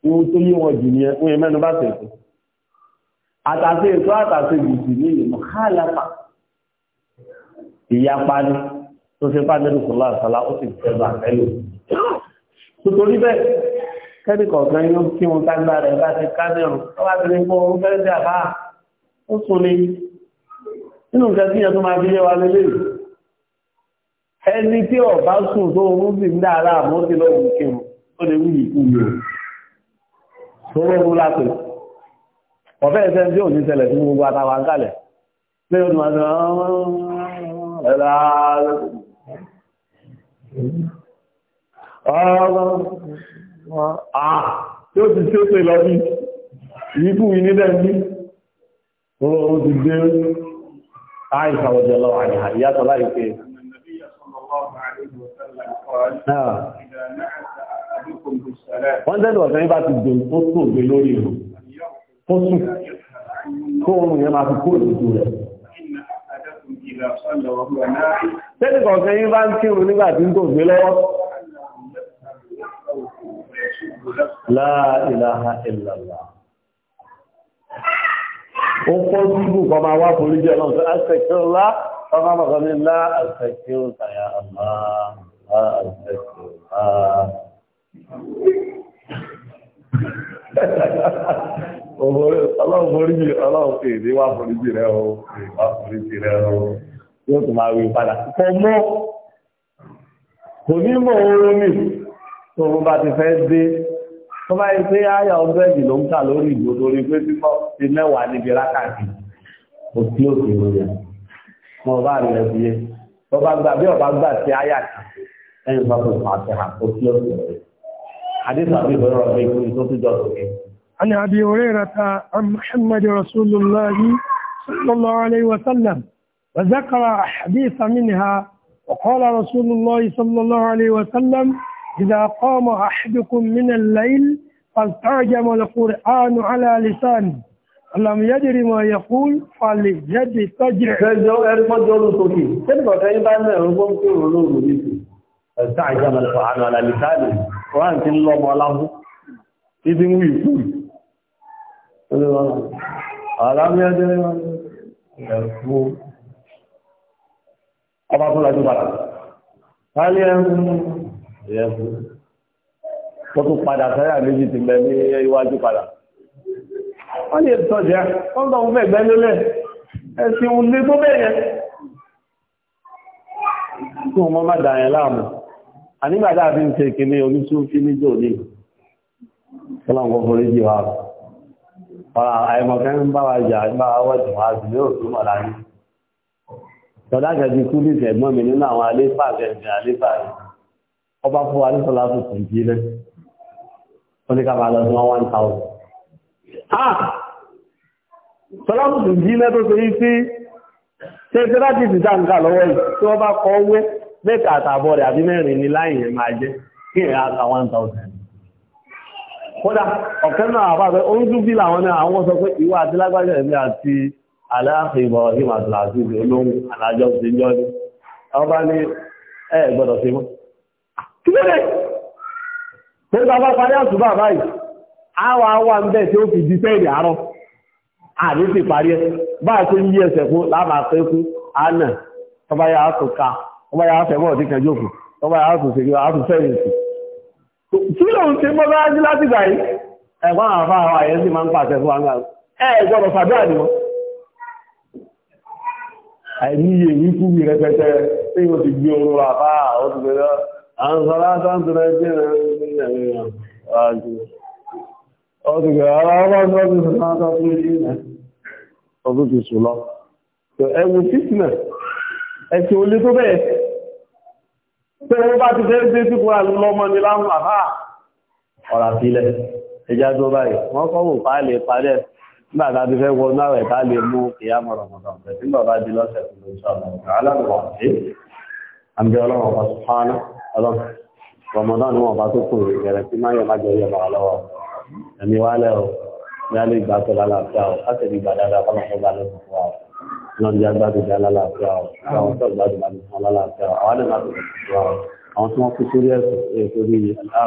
Speaker 1: ohun tó yí wọn jù nìyẹn fún ẹmẹ́nu bá tẹ̀sán àtàṣe ètò àtàṣe jùjù ní ìlú kálàpà ìyapa ni tó ṣe bá nínú sọlá àṣàlá ó sì fẹ́ bá tẹ́lẹ̀ nítorí bẹ́ẹ̀ kẹ́ríkọ̀ kan yóò kí wọn kágbára ẹ̀ bá ti ká nírun tó bá ti rí pọ́ ó fẹ́rẹ́ sí àbá ó sùn nínú nǹkan tí yẹn tó máa fi yé wa lélẹ́yìí ẹni tí ọba sùn tó oorun sì ń dára àmọ́ sí lọ́wọ́ kírun ó lè wí ìkú yìí tó rọrùn lápè ọ̀fẹ́ ẹ̀sẹ̀ tí ò ní ṣẹlẹ̀ fún gbogbo àtàwọn akálẹ̀ pé ó máa sọ ẹ̀rọ tí ó ti tí ó pè lọ bí ìyíkú yìí nílẹ̀ ní ó ti wọ́n tẹ́lẹ̀ ọ̀sẹ̀ nípa ti dùn tó tòògbé lórí ìlú tó sùn
Speaker 2: tó oòrùn yẹn máa fi kó ìdìdò rẹ̀ tẹ́lẹ̀ ọ̀sẹ̀
Speaker 1: yìí bá ń kírun nígbà tí ń tòògbé lọ́wọ́
Speaker 2: La ilaha
Speaker 1: illallah. Ó fọ́ sí gbùkọ́ máa wá فما بغل الله أستكفرك يا الله لا أستكفرك Ọlọ́run foríjì ọlọ́run fi èdè wá foríjì rẹ̀ o, wá foríjì rẹ̀ o, yóò tún máa wí padà. Kò mọ́, kò ní mọ̀ oorun mi, tó bó bá ti fẹ́ dé, tó bá yí pé áyà ọgbẹ́jì ló ń kà lórí ìgbò torí pé tí mẹ́wàá níbi rákàtì, kò sí òkè lórí ẹ̀. bá bá bí àyà bá ti
Speaker 3: عن أبي هريرة عن محمد رسول الله صلى الله عليه وسلم وذكر أحاديث منها وقال رسول الله صلى الله عليه وسلم إذا قام أحدكم من الليل فاستعجم القرآن على لسانه Àlàmì yẹ́dìrí mọ̀ yẹ fún falẹ̀ yẹ́dì tọ́jìrẹ̀. Ẹjọ́ ẹrùmọ́jọ́
Speaker 1: olóòtòkì, tẹ́lifọ̀ tẹ́yìn bá ní ẹ̀rùn gbọ́n kí òun lóòrùn ní ti. Ẹ̀sá ìjọba lọ́pọ̀ àánú alàmìtáàlì, Kọ́rán ti ń lọ́mọ aláwọ̀, ti ti ń wù ìkú. Àlàmì yẹ́dìrí mọ̀ yẹ fún ọba tó wọ́n lè tọ́jà wọ́n tọ́ fún ẹgbẹ́ lélẹ̀
Speaker 3: ẹ̀sìn ilé tó bẹ̀yẹ
Speaker 1: kí wọ́n má dààyàn láàmú ànígbàdá àfi ń ṣe kìíní oníṣúfí ní jòdì ọlọ́nkọ́ ní òtún ní ìtẹ̀gbọ́n ọba fún wa ní sọ́lá tó tún jí lẹ́ ó ní ká ah sọlámùsù jí lẹ́tọ́ ṣe yí sí ṣẹ́ṣẹ́ láti ti dáǹkà lọ́wọ́ yìí tí wọ́n bá kọ́ owó mẹ́ta àtàbọ̀ rẹ̀ àbí mẹ́rin ní láì yẹn máa jẹ́ kí ẹ̀rẹ́ àta 1000 kódà ọ̀kẹ́ náà àbáfẹ́ ó ń dún bí làwọn náà àwọn sọ pé ìwà àti lágbájá ẹ̀mí àti aláàfin ibrahim àtìláàfin ìlú olóhùn alájọ ti jọ ní àwọn bá ní ẹ gbọ́dọ̀ sí mọ́ kí ló dé tó bá bá parí awa awa ń bẹ̀ tí ó fi di sẹ́ẹ̀dì àárọ̀ àní ti parí ẹ báyà tó ń yí ẹsẹ̀ fún lábàá pé fún ka tọ́ba yà á fẹ́ mọ́ ọ̀dí kan jókòó tọ́ba yà á tún o á tún sẹ́yìn sí. kí ló ń ṣe mọ́ bá jí láti gbà yìí ẹ̀gbọ́n àwọn máa ń pàṣẹ fún wa ẹ gbọ́dọ̀ fàdúrà ni wọ́n. àìní iye yìí kú mi rẹpẹtẹ tí mo ọdún ti sùn lọ ẹwù fitna ẹ̀sìn olè tó bẹ́ẹ̀ tó wọ́n bá ti fẹ́ ṣe sí kúrò lọ́mọ ní láhùn àbá ọ̀rà sílẹ̀ ẹjá tó báyìí wọ́n kọ́ wò fáà lè parẹ́ nígbà tá a ti fẹ́ wọ náà ẹ̀ tá lè mú ìyá mọ̀rọ̀mọ̀rọ̀ bẹ̀ nígbà bá di lọ́sẹ̀ tó lọ sọ aláwọ̀ ọ̀hún àmì ọlọ́run ọ̀pá sùpánà ọlọ́run rọmọdán ni wọ́n tó kù ìrẹ̀rẹ̀ sí máyọ̀ májọ yẹ̀ bàrà lọ́wọ́ ẹ̀mí wá lẹ́ o ní alẹ́ ìgbà tó lálàáfíà o láti rí ìgbà dáadáa kọ́nà tó bá lọ́sùn fún wa o lọ́n jẹ́ agbádùn jẹ́ lálàáfíà o àwọn tó gbádùn bá lọ́sùn lálàáfíà o àwọn àdàn láti lọ́sùn fún wa o àwọn tí wọ́n kú sórí ẹ̀sùn èso ní àlá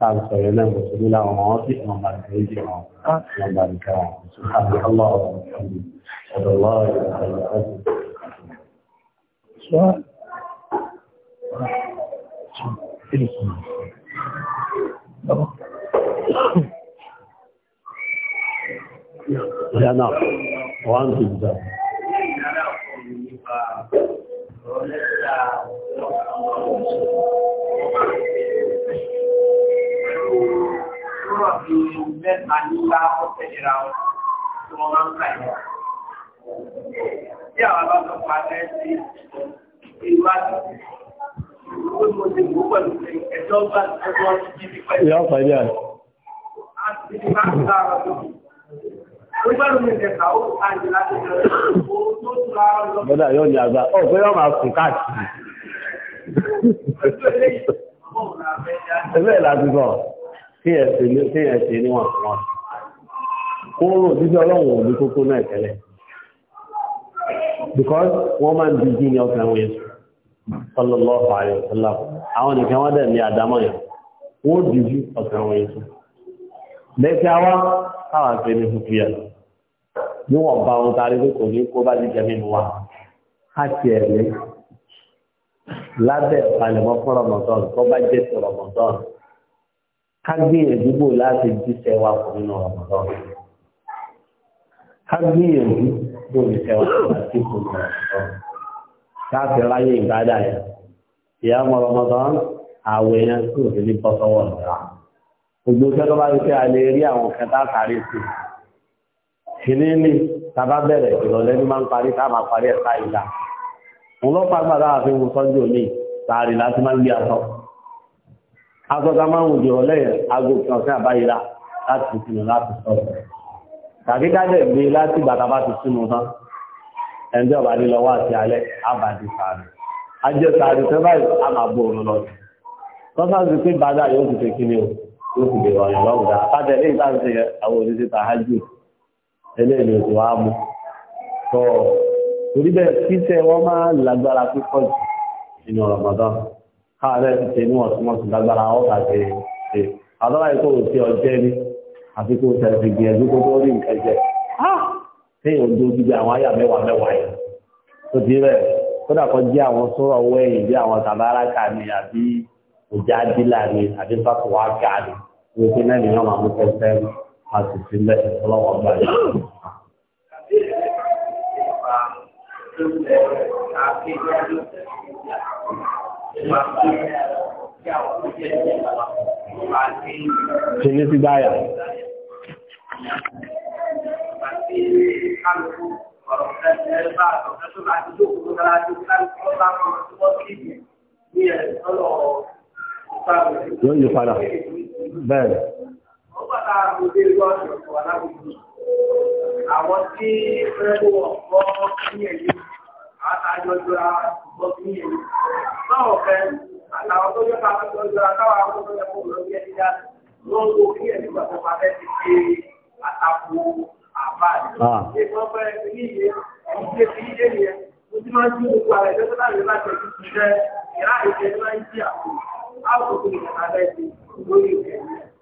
Speaker 1: táàbù sọ̀rọ̀ náà kò sórí láwọn àwọn wọ́n bá ní kéjì wọn wọn sùkàbí ọlọ́run ìyànà one two three. Mẹ́ta nígbà ọ̀tẹ̀ ìra wọn tí wọ́n máa ń kà yẹn. Bí àwọn ọlọ́dọ̀ pa ẹ́ sí ìwádìí, ó ní mo ti mú pẹ̀lú ẹjọ́ gbà ẹjọ́ ti jí bí pẹ̀lú. Ìyá ọ̀pá ilé àná. A ti ní bá ń ta ọ̀dọ́. Bọ́dà yóò ní àgbà, ọ̀ pé yọ́ máa kùn káàkiri. Ẹgbẹ́ ìlàjú sọ, kí ẹ ní kí ẹ ṣe níwọ̀n wọn. Kóòrò títí ọlọ́run ò ní kókó náà tẹ́lẹ̀. Because wọ́n máa ń di jí ní ọkàn wọn yẹn. Sallallahu alaihi wasallam. Àwọn nìkan wọ́n dẹ̀ ní àdámọ̀ yẹn. Wọ́n di jí ọkàn wọn yẹn. Lẹ́kí àwa, káwà fẹ́ ní fúfú yẹn níwọ̀n bá ohun tàrí pé kò ní kó bá jíjẹ nínú wa á ti ẹ̀rí lábẹ́ ìpalẹ̀mọ́ fún rọmọdọ́n tó bá jẹ́ sí rọmọdọ́n ká gbìyànjú bò láti jíṣẹ́ wa fún nínú rọmọdọ́n ká gbìyànjú bò jíṣẹ́ wa fún àti fún rọmọdọ́n káàkiri láyé ìgbádà yẹn ìyá ọmọ rọmọdọ́n àwọ̀ èèyàn kúrò ní bọ́sọ́wọ́ ọ̀dọ́ gbogbo kẹ́kọ̀ọ́ bá rí pé a rí àwọn kẹta kárí sí i. kìnínní tàbá bẹ̀rẹ̀ ìrọ̀lẹ́ ní máa ń parí tá parí ẹ̀ka ìdá òun lọ́pàá àgbàdo àfi wù sọ́jú òní tààrí láti máa ń gbé aṣọ aṣọ ká máa ń wù ìrọ̀lẹ́ aago kan sí àbáyíra láti sinú láti tàbí kájẹ̀ gbé láti ti tán ọ̀bà alẹ́ àbàdì tó báyìí a máa òun lọ ti bàdà yóò ti fi ẹlẹ́ẹ̀lẹ́ òkú wa mú tọ́ torí bẹ́ẹ̀ kíṣẹ́ wọ́n máa lágbára púpọ̀ jù nínú Ramadan káàárẹ̀ ti ṣe níwọ̀ntúnwọ̀nsì lágbára ọ̀tà ṣe ṣe àdọ́rà ikú òsì ọjẹ́ ní àfi kó ṣe fi gbìyànjú tó tó rí nǹkan jẹ ah! ṣé òdo gbígbé àwọn àyà mẹ́wàá mẹ́wàá yẹn tó ti rẹ̀ kódà kan jẹ́ àwọn sọ́rọ̀ owó ẹ̀yìn bí àwọn tàbáràkà ni àbí òjá dílà ni àbí fàkùwákà ni gbogbo náà ni wọ́n máa mú tẹ́tẹ́ a sì fi lẹ́sẹ̀
Speaker 2: yìí. Kìíní sí gbáyà.
Speaker 1: Yóò padà. Bẹ́ẹ̀ tá a kò dé lọ ọ̀dọ̀ wà lábùkù. Àwọn tí fẹ́ kó wọ̀ gbọ́ ní ẹ̀yẹ, àtàjọ jọra gbọ́ ní ẹ̀yẹ. Báwo fẹ́ àtàwọn tó yẹ ká lọ jọra káwọn àwọn tó yẹ kó lọ sí ẹ̀yẹ wọ́n wo kí ẹ̀yẹ gbà tó máa fẹ́ ti ṣe àtàkù àbáyé. Ah. Ṣé wọ́n fẹ́ ní ìyẹ ìdílé ti ilé yẹn? Mo ti máa ń dín gbogbo àrẹ̀ lọ́sọ́ láti láti ẹ̀jú ti jẹ́ ìrá ìjẹ́ láì sí àpò. Áwọ̀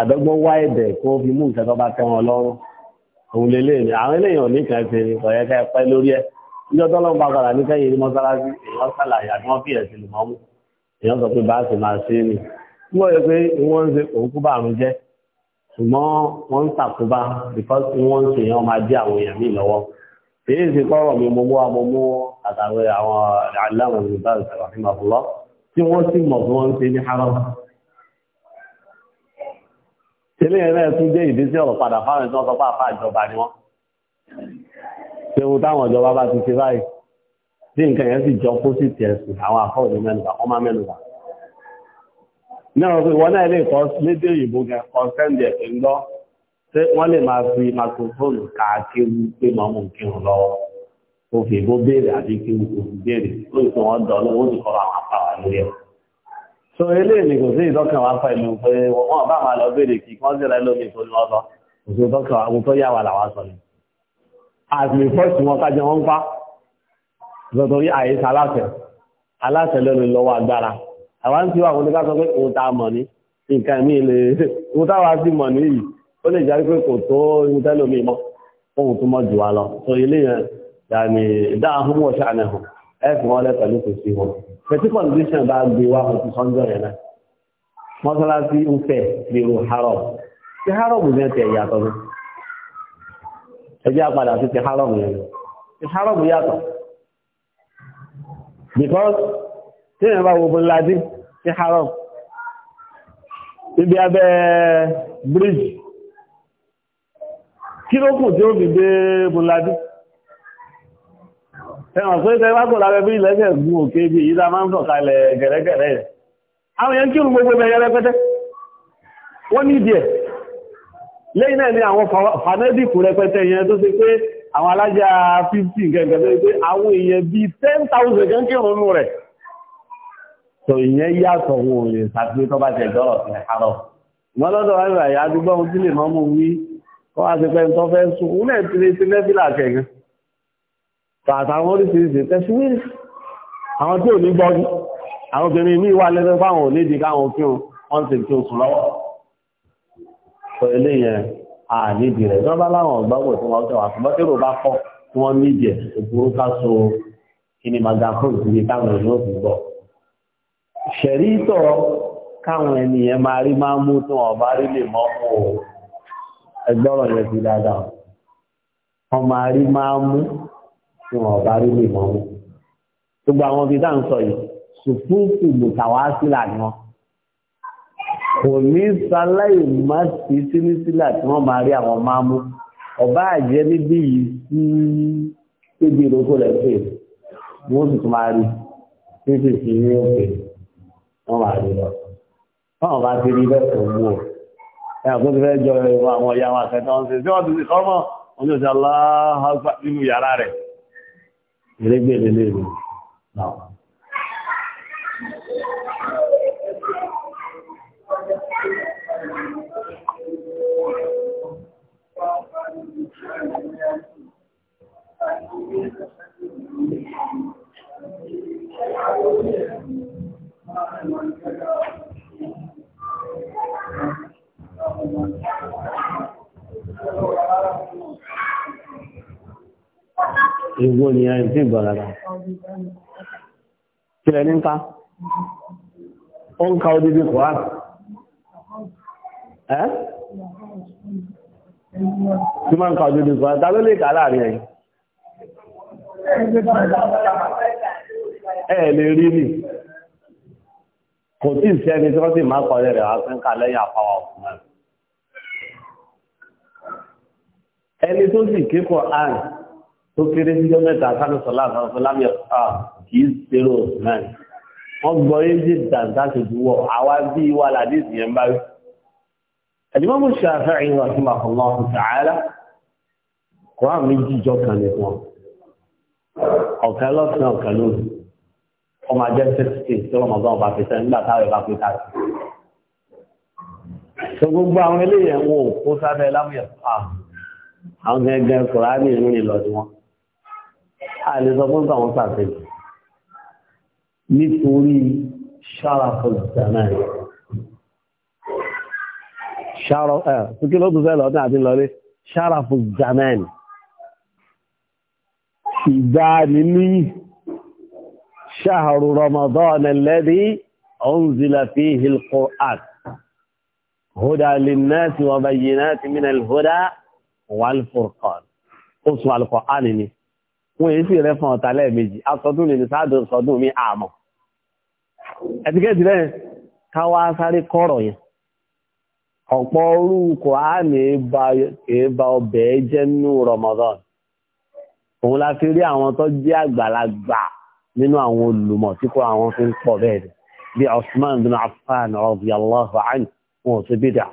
Speaker 1: àdọ́gbọ́n wá ẹ̀bẹ̀ kó fi mú nǹkan tó bá tẹ́ wọn lọ́rùn òun lélẹ̀ ni àwọn eléyàn nìkan ṣe ni kọ̀yẹ́ ká pẹ́ lórí ẹ̀ níjọ́ tó lọ́n bá padà ní kẹ́yìn ní mọ́sálásí èèyàn sàlàyé àti wọ́n fìyẹ̀ sí lùmọ́ mú èèyàn sọ pé báàsì máa ṣe é ni tí wọ́n yẹ pé wọ́n ń ṣe òkú bàrún jẹ́ ṣùgbọ́n wọ́n ń ṣàkóbá because wọ́n ń ṣe èèyàn máa dí àwọn èèyàn míì lọ́wọ́ èyí ṣe kọ́rọ̀ mi mo mú wa mo mú àtàwọn àwọn aláwọ̀ yorùbá ìṣàkóso tí wọ́n sì mọ̀ bí wọ́n ṣe ní haram tẹ́lẹ̀ yẹn náà tún jẹ́ ìdí sí ọ̀rọ̀ padà fáwọn ẹ̀sán sọ fáfá ìjọba ni wọ́n ṣe táwọn ìjọba bá ti ṣe báyìí tí nǹkan yẹn sì jọ pósìtì ẹ̀sìn àwọn àfọ́ òní mẹ́nuba wọ́n máa mẹ́nuba náà pé wọ́n náà lè kọ́ lédè òyìnbó gan kọ́ sẹ́ndì ẹ̀fẹ́ ṣé wọ́n lè máa fi microphone káàkiri pé màá mú kírun òfin ìbò béèrè àbí kí n kò béèrè lóòótọ́ wọn dọ̀ lọ́wọ́ so eléyìí ni kò sí ìtọ́kàn wa pẹ̀lú pé wọ́n bá máa lọ béèrè kí wọ́n sì rẹ lómi tó ní ọ̀sọ́ kò sí ìtọ́kàn wa tó yà wà làwọn sọ ni àtìlè fọ́ọ̀sì wọn kájọ wọn pa lọ́tọ̀rí àyíṣà aláṣẹ aláṣẹ lẹ́nu lọ́wọ́ agbára àwọn tí wà wọ́n sọ pé kò tá mọ̀ ní nǹkan mi lè kò táwa sí mọ̀ ní yìí ó lè jáde pé kò tó ìmútẹ́lómi mọ́ ohun tó mọ̀ jù wá lọ so eléyìí yàní dáhùn wọ́ṣà ẹ̀sùn wọn lẹ́ pẹ̀lú kò sí wọn. Pẹ̀tí condition bá gbé wá ọtí sọ́njọ́ yẹn náà. Mọ́sálásí ń fẹ̀ lérò harrow. Ti harrow yẹn tẹ̀ yàtọ̀ ní. Ẹjẹ́ àpadà sí ti harrow yẹn. Ti harrow yàtọ̀. Because tí èèyàn bá wo Bọ́ládé ti harrow. Ibi abẹ́ bridge. Kí ló kù tí ó fi dé Bọ́ládé? ẹ̀wọ̀n pé tẹ́ wá lábẹ́ bí ilẹ̀ṣẹ̀ gún òkè bí èyí tá máa ń sọ̀kalẹ̀ gẹ̀rẹ́gẹ̀rẹ́ yẹn àwọn yẹn kírun gbogbo ẹ̀yẹ rẹpẹtẹ wọ́n ní ìdí lẹ́yìn náà ni àwọn fanẹ́dìkù rẹpẹtẹ yẹn tó ṣe pé àwọn alájà 50 gẹ̀gẹ̀ tààtàwọn oríṣiríṣi tẹ́síwìrì àwọn tí ò ní gbọ́gí àwọn obìnrin ní ìwà lẹ́fẹ́ fáwọn onídìí káwọn kí wọ́n ti kí oṣù lọ́wọ́ sọ eléyẹn àníbì rẹ̀ tọ́bá láwọn ọ̀gbọ́gbọ̀ tí wọ́n tẹ̀wà fún bọ́tẹ́rò bá kọ́ tí wọ́n nídìí ẹ̀ òkúrú ká so kíni magafóònù sí káwọn ènìyàn òfin bọ̀ ṣẹ̀rí tọ̀ káwọn ènìyàn máa rí máa mú tí wọ́n bá rí lè mọ́ fún ẹgbọ́rọ̀ yẹn ti dáadáa wọ́n máa rí máa mú tí wọn bá rí lè mọ́ mú. gbogbo àwọn ibi tá sọ yìí sùfúùfù mùtàwásílà ni wọn. kò ní sáláì má sí sílísílà tí wọ́n máa rí àwọn máa mú. ọba àjẹ́ níbí yìí sí ibi ìrókò rẹ̀ pé wọ́n sì tún máa rí títí sí ní òkè wọ́n máa rí lọ. báwọn bá ti rí bẹ́ẹ̀ tó mú o. ẹ àkóso fẹ́ jọ àwọn ọ̀yà wọn àtẹ̀tẹ̀ wọn ṣe tí wọ́n ti sọ́mọ́ wọn yóò ṣe aláhàgbà nínú yàrá rẹ̀ ìrégbèlè Thank you. Igbó ni ẹni tí ìgbọ̀ rárá. Kílẹ̀ ní ń ká? Ó ń ka odidi kò án. Ẹ́? Tí máa ń ka odidi kò án, ta ló lè kà láàrin ẹ̀yìn? Ẹ lè rí nì. Kò tí ì sẹ́ni tí wọ́n sì máa kọ́ rẹ̀ wá fẹ́ ń kà lẹ́yìn àpáwà ọ̀fun ẹni tó sì kékọ̀ọ́ àrùn tó kéré ní mẹ́ta sálùsọ̀lá àwọn ọ̀fọlábíọ̀ ah, kì í ṣerò náà wọ́n gbọ́ yéjì dàǹtà ṣojú wọ̀ àwa bí wà ládé ìyẹn bá rí. ẹ̀dínwó mú ṣàfẹ́ ìrìn wà fún àkànlọ́ ọ̀hún ṣàárá kúrán méjì jọ kan ní wọn ọ̀kan lọ́sàn ọ̀kan lóru ọmọ ajẹ́ sixty tí wọ́n mọ̀gbọ́n bá fi sẹ́yìn nígbà táwọn ìbá fi tàbí. àwọn gẹ́gẹ́ kúrán ní ìlú ìlọ́dún wọn àlè sọ fún àwọn sàfẹ́ nítorí sharaful zaman ṣàrọ̀ ẹ̀ fúkí ló tún fẹ́ lọ́dún àti lọlé sharaful zaman ìgbà nínú شهر رمضان الذي أنزل فيه القرآن هدى للناس وبينات من الهدى والفرقان أصبح wọn èyí sì rẹ fún ọ̀tà lẹ́ẹ̀mejì asọdún lè ní sáàdù sọdún mi àmọ́ ẹtíkẹ́tì lẹ́yìn káwá sáré kọ́rọ̀ yẹn ọ̀pọ̀ orúkọ á ní èébà ọbẹ̀ jẹ́ nínú Ramadan òun la fi rí àwọn tó jẹ́ àgbàlagbà nínú àwọn olùmọ̀ tí kò àwọn fi ń pọ̀ bẹ́ẹ̀ bí bin Affan radiyallahu anhu wọn ò sí bídà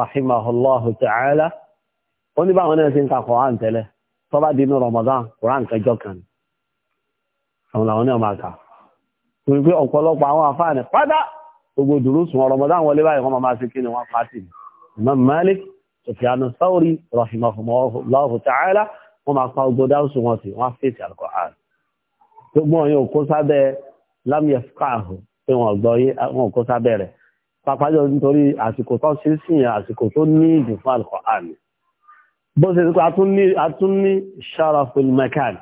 Speaker 1: rahimahullahu wọ́n ní báwọn náà ṣe ń ka Quran tẹ́lẹ̀ tó bá dínú Ramadan Quran kẹjọ kan àwọn làwọn náà máa kà torí pé ọ̀pọ̀lọpọ̀ àwọn àfáàní pátá gbogbo dùrúsùn Ramadan wọlé báyìí wọ́n máa ṣe kí ni wọ́n pàtì Imam Malik Sufyan Thawri rahimahullahu ta'ala wọ́n máa pa gbogbo dáhùn sùn wọn sí wọ́n fèsì Al-Quran gbogbo wọn yóò kó sábẹ́ lámìẹ̀fúkàhù pé wọn gbọ́ yé wọn kó sábẹ́ rẹ̀ pàápàá nítorí àsìkò tó ṣe é sìn àsìkò tó ní ìdìfún Al-Quran bó ṣe tó àtún ní sharaful makan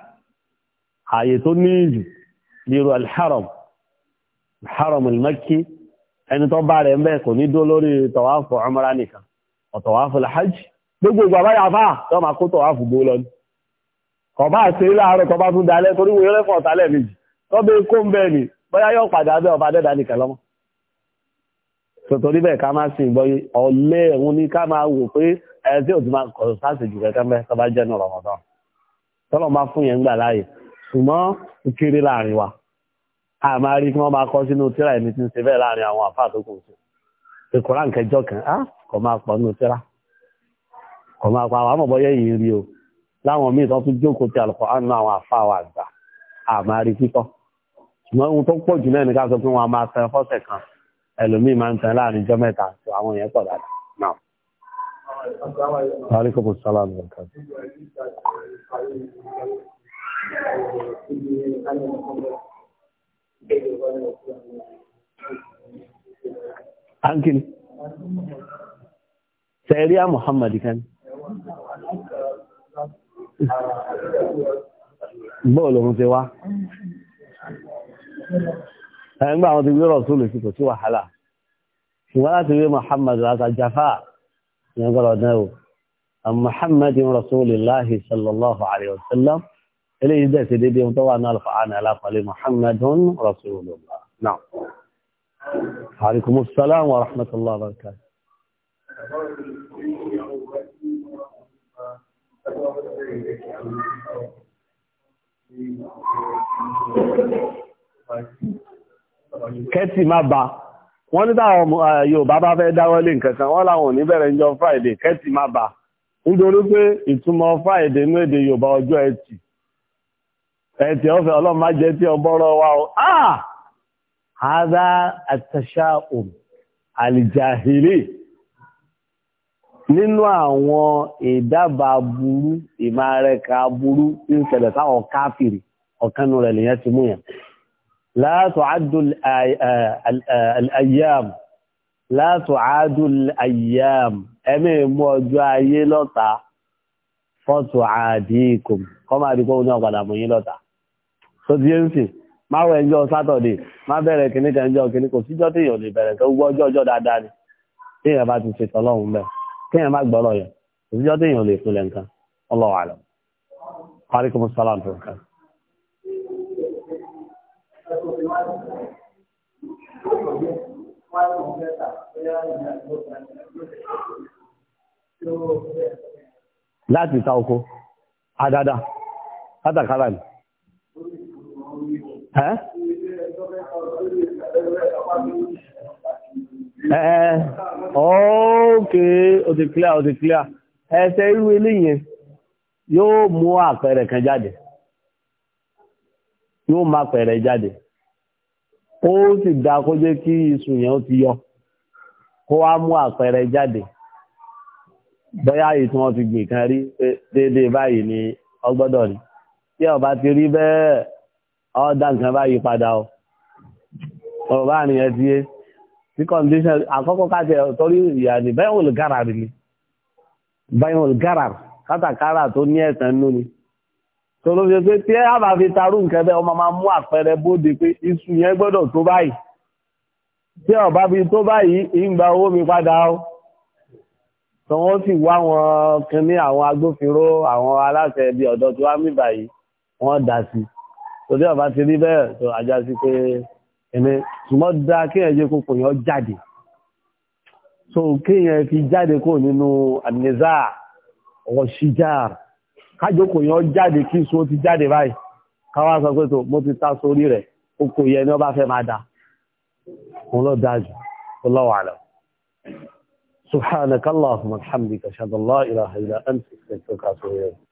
Speaker 1: ààyè tó ní ìjù bíru alharam haram al-makki ẹni tó bá rẹ̀ mẹ́ kò ní dó lórí tọwáfù umra nìkan ọ̀tọ̀wáfù alhajj gbogbo àbáyà fà tó máa kó tọwáfù bó lọ kọba àti ilé àárọ̀ kọba tún dalẹ̀ torí wọ́n yọ́rẹ́ fún ọ̀tálẹ̀ méjì tó kó ń bẹ́ẹ̀ ni bóyá yóò padà bẹ́ ọba dẹ́dà nìkan lọ́mọ tòtòrí bẹ́ẹ̀ ká máa sìn gbọ́yé ọ̀lẹ́ ẹ̀hún ni ká máa wò pé ẹ tí ò ti máa kọ̀ sáàsì jù kẹ́kẹ́ mẹ́ tó bá jẹ́ ní Ramadan tọ́lọ̀ máa fún yẹn gbà láàyè ṣùgbọ́n kiri láàrin wa a máa rí kí wọ́n máa kọ́ sínú tíra ẹni tí ń ṣe bẹ́ẹ̀ láàrin àwọn àfáà tó kù sí ìkọ́ra nkẹjọ kan á kò máa pọ̀ nínú tíra kò máa pa àwọn àmọ̀bọ́yẹ yìí rí o láwọn míì tó tún jókòó ti àlùkò á nínú àwọn àfáà wa àgbà a máa rí kíkọ́ ṣùgbọ́n ohun tó pọ̀ jù náà ní ká sọ pé wọ́n máa tẹ fọ́sẹ̀ kan ẹlòmíì máa ń tẹ láàrin jọ́ mẹ́ta àwọn èèyàn pọ̀ dáadáa náà وعليكم السلام Ankin, sayariya Muhammadu kan? Bọ́ọ̀lù ọmọ ti
Speaker 2: Ẹgbẹ́
Speaker 1: àwọn ti gbé rọ̀ sólù sí kò Ṣùgbọ́n láti rí Muhammadu láta Jafar. نظر نو محمد رسول الله صلى الله عليه وسلم إليه ده سيدي وطبعا نالف عن علاقة محمد رسول الله نعم عليكم السلام ورحمة الله وبركاته كيف ما بعد wọ́n ní táwọn eh, Yorùbá bá fẹ́ dáwọ́lé nǹkan kan wọ́n láwọn ò ní bẹ̀rẹ̀ níjọ́ Friday kẹ́tì má bà nítorí pé ìtumọ̀ Friday inú èdè Yorùbá ọjọ́ ẹtì ẹtì ọ̀fẹ́ ọlọ́run má jẹ́ tí ọgbọ́rọ̀ wa o ah hadha at-tasha'um al nínú àwọn ìdábàá burú ìmọ̀ burú ń ṣẹlẹ̀ sáwọn káfìrì ọ̀kanú rẹ̀ lèyàn ti mú yẹn. لا تعد الأيام لا تعد الأيام أمي موجعي لطا فتعاديكم كما أدكم نقل من لطا سدينسي má wọ ẹjọ́ sátọ̀dé má bẹ̀rẹ̀ kìíní kan ẹjọ́ kìíní kò síjọ́ tí èèyàn lè bẹ̀rẹ̀ tó gbọ́ ọjọ́ ọjọ́ dáadáa ni tí èèyàn bá ti ṣètò ọlọ́run bẹ́ẹ̀ kí èèyàn má gbọ́rọ̀ yẹn kò síjọ́ tí èèyàn lè pinlẹ̀ láti ta oko àdádá látàkárà ní ẹ́ ẹ́ ọ́ọ́kè ó ti clear clear irú ilé yóò mú àpẹẹrẹ kan jáde yóò má jáde ó sì dá kó jẹ́ kí iṣu yẹn ó ti yọ kó wá mú àpẹẹrẹ jáde bóyá èyí tí wọ́n ti gbìn kan rí déédéé báyìí ni ọgbọ́dọ̀ ni tí ọba ti rí bẹ́ẹ̀ ọ̀dà nǹkan báyìí padà o ọ̀rọ̀ bá rìn ẹtí yé tí condition àkọ́kọ́ káṣẹ torí ìyá ni bẹ́ẹ̀ olùgárà rí ni bẹ́ẹ̀ olùgárà kátàkárà tó ní ẹ̀sán nú ni tó ló fi pé tí ẹ bá fi tarú nǹkan bẹ́ẹ̀ ọmọ máa mú àpẹẹrẹ bóde pé iṣu yẹn gbọ́dọ̀ tó báyìí tí ọba fi tó báyìí ìgbà owó mi padà ó tó wọ́n sì wá wọn kínní àwọn agbófinró àwọn aláṣẹ ibi ọ̀dọ́ tí wàá mí báyìí wọ́n dà sí tó tí ọba ti rí bẹ́ẹ̀ tó ajá sí pé ẹni ṣùgbọ́n dá kéèyàn jẹ́ kókò yẹn jáde so kéèyàn fi jáde kó nínú àníza ọ̀ṣíjáàrù kájòkò yẹn jáde kí sùn ó ti jáde báyìí káwá sọ pé tó mo ti ta sórí rẹ̀ oko yẹn ni wọ́n bá fẹ́ máa dà òun ló dáa jù wallahu a'lam subhanakallahumma wa bihamdika ashhadu an la ilaha illa anta astaghfiruka wa atubu ilayk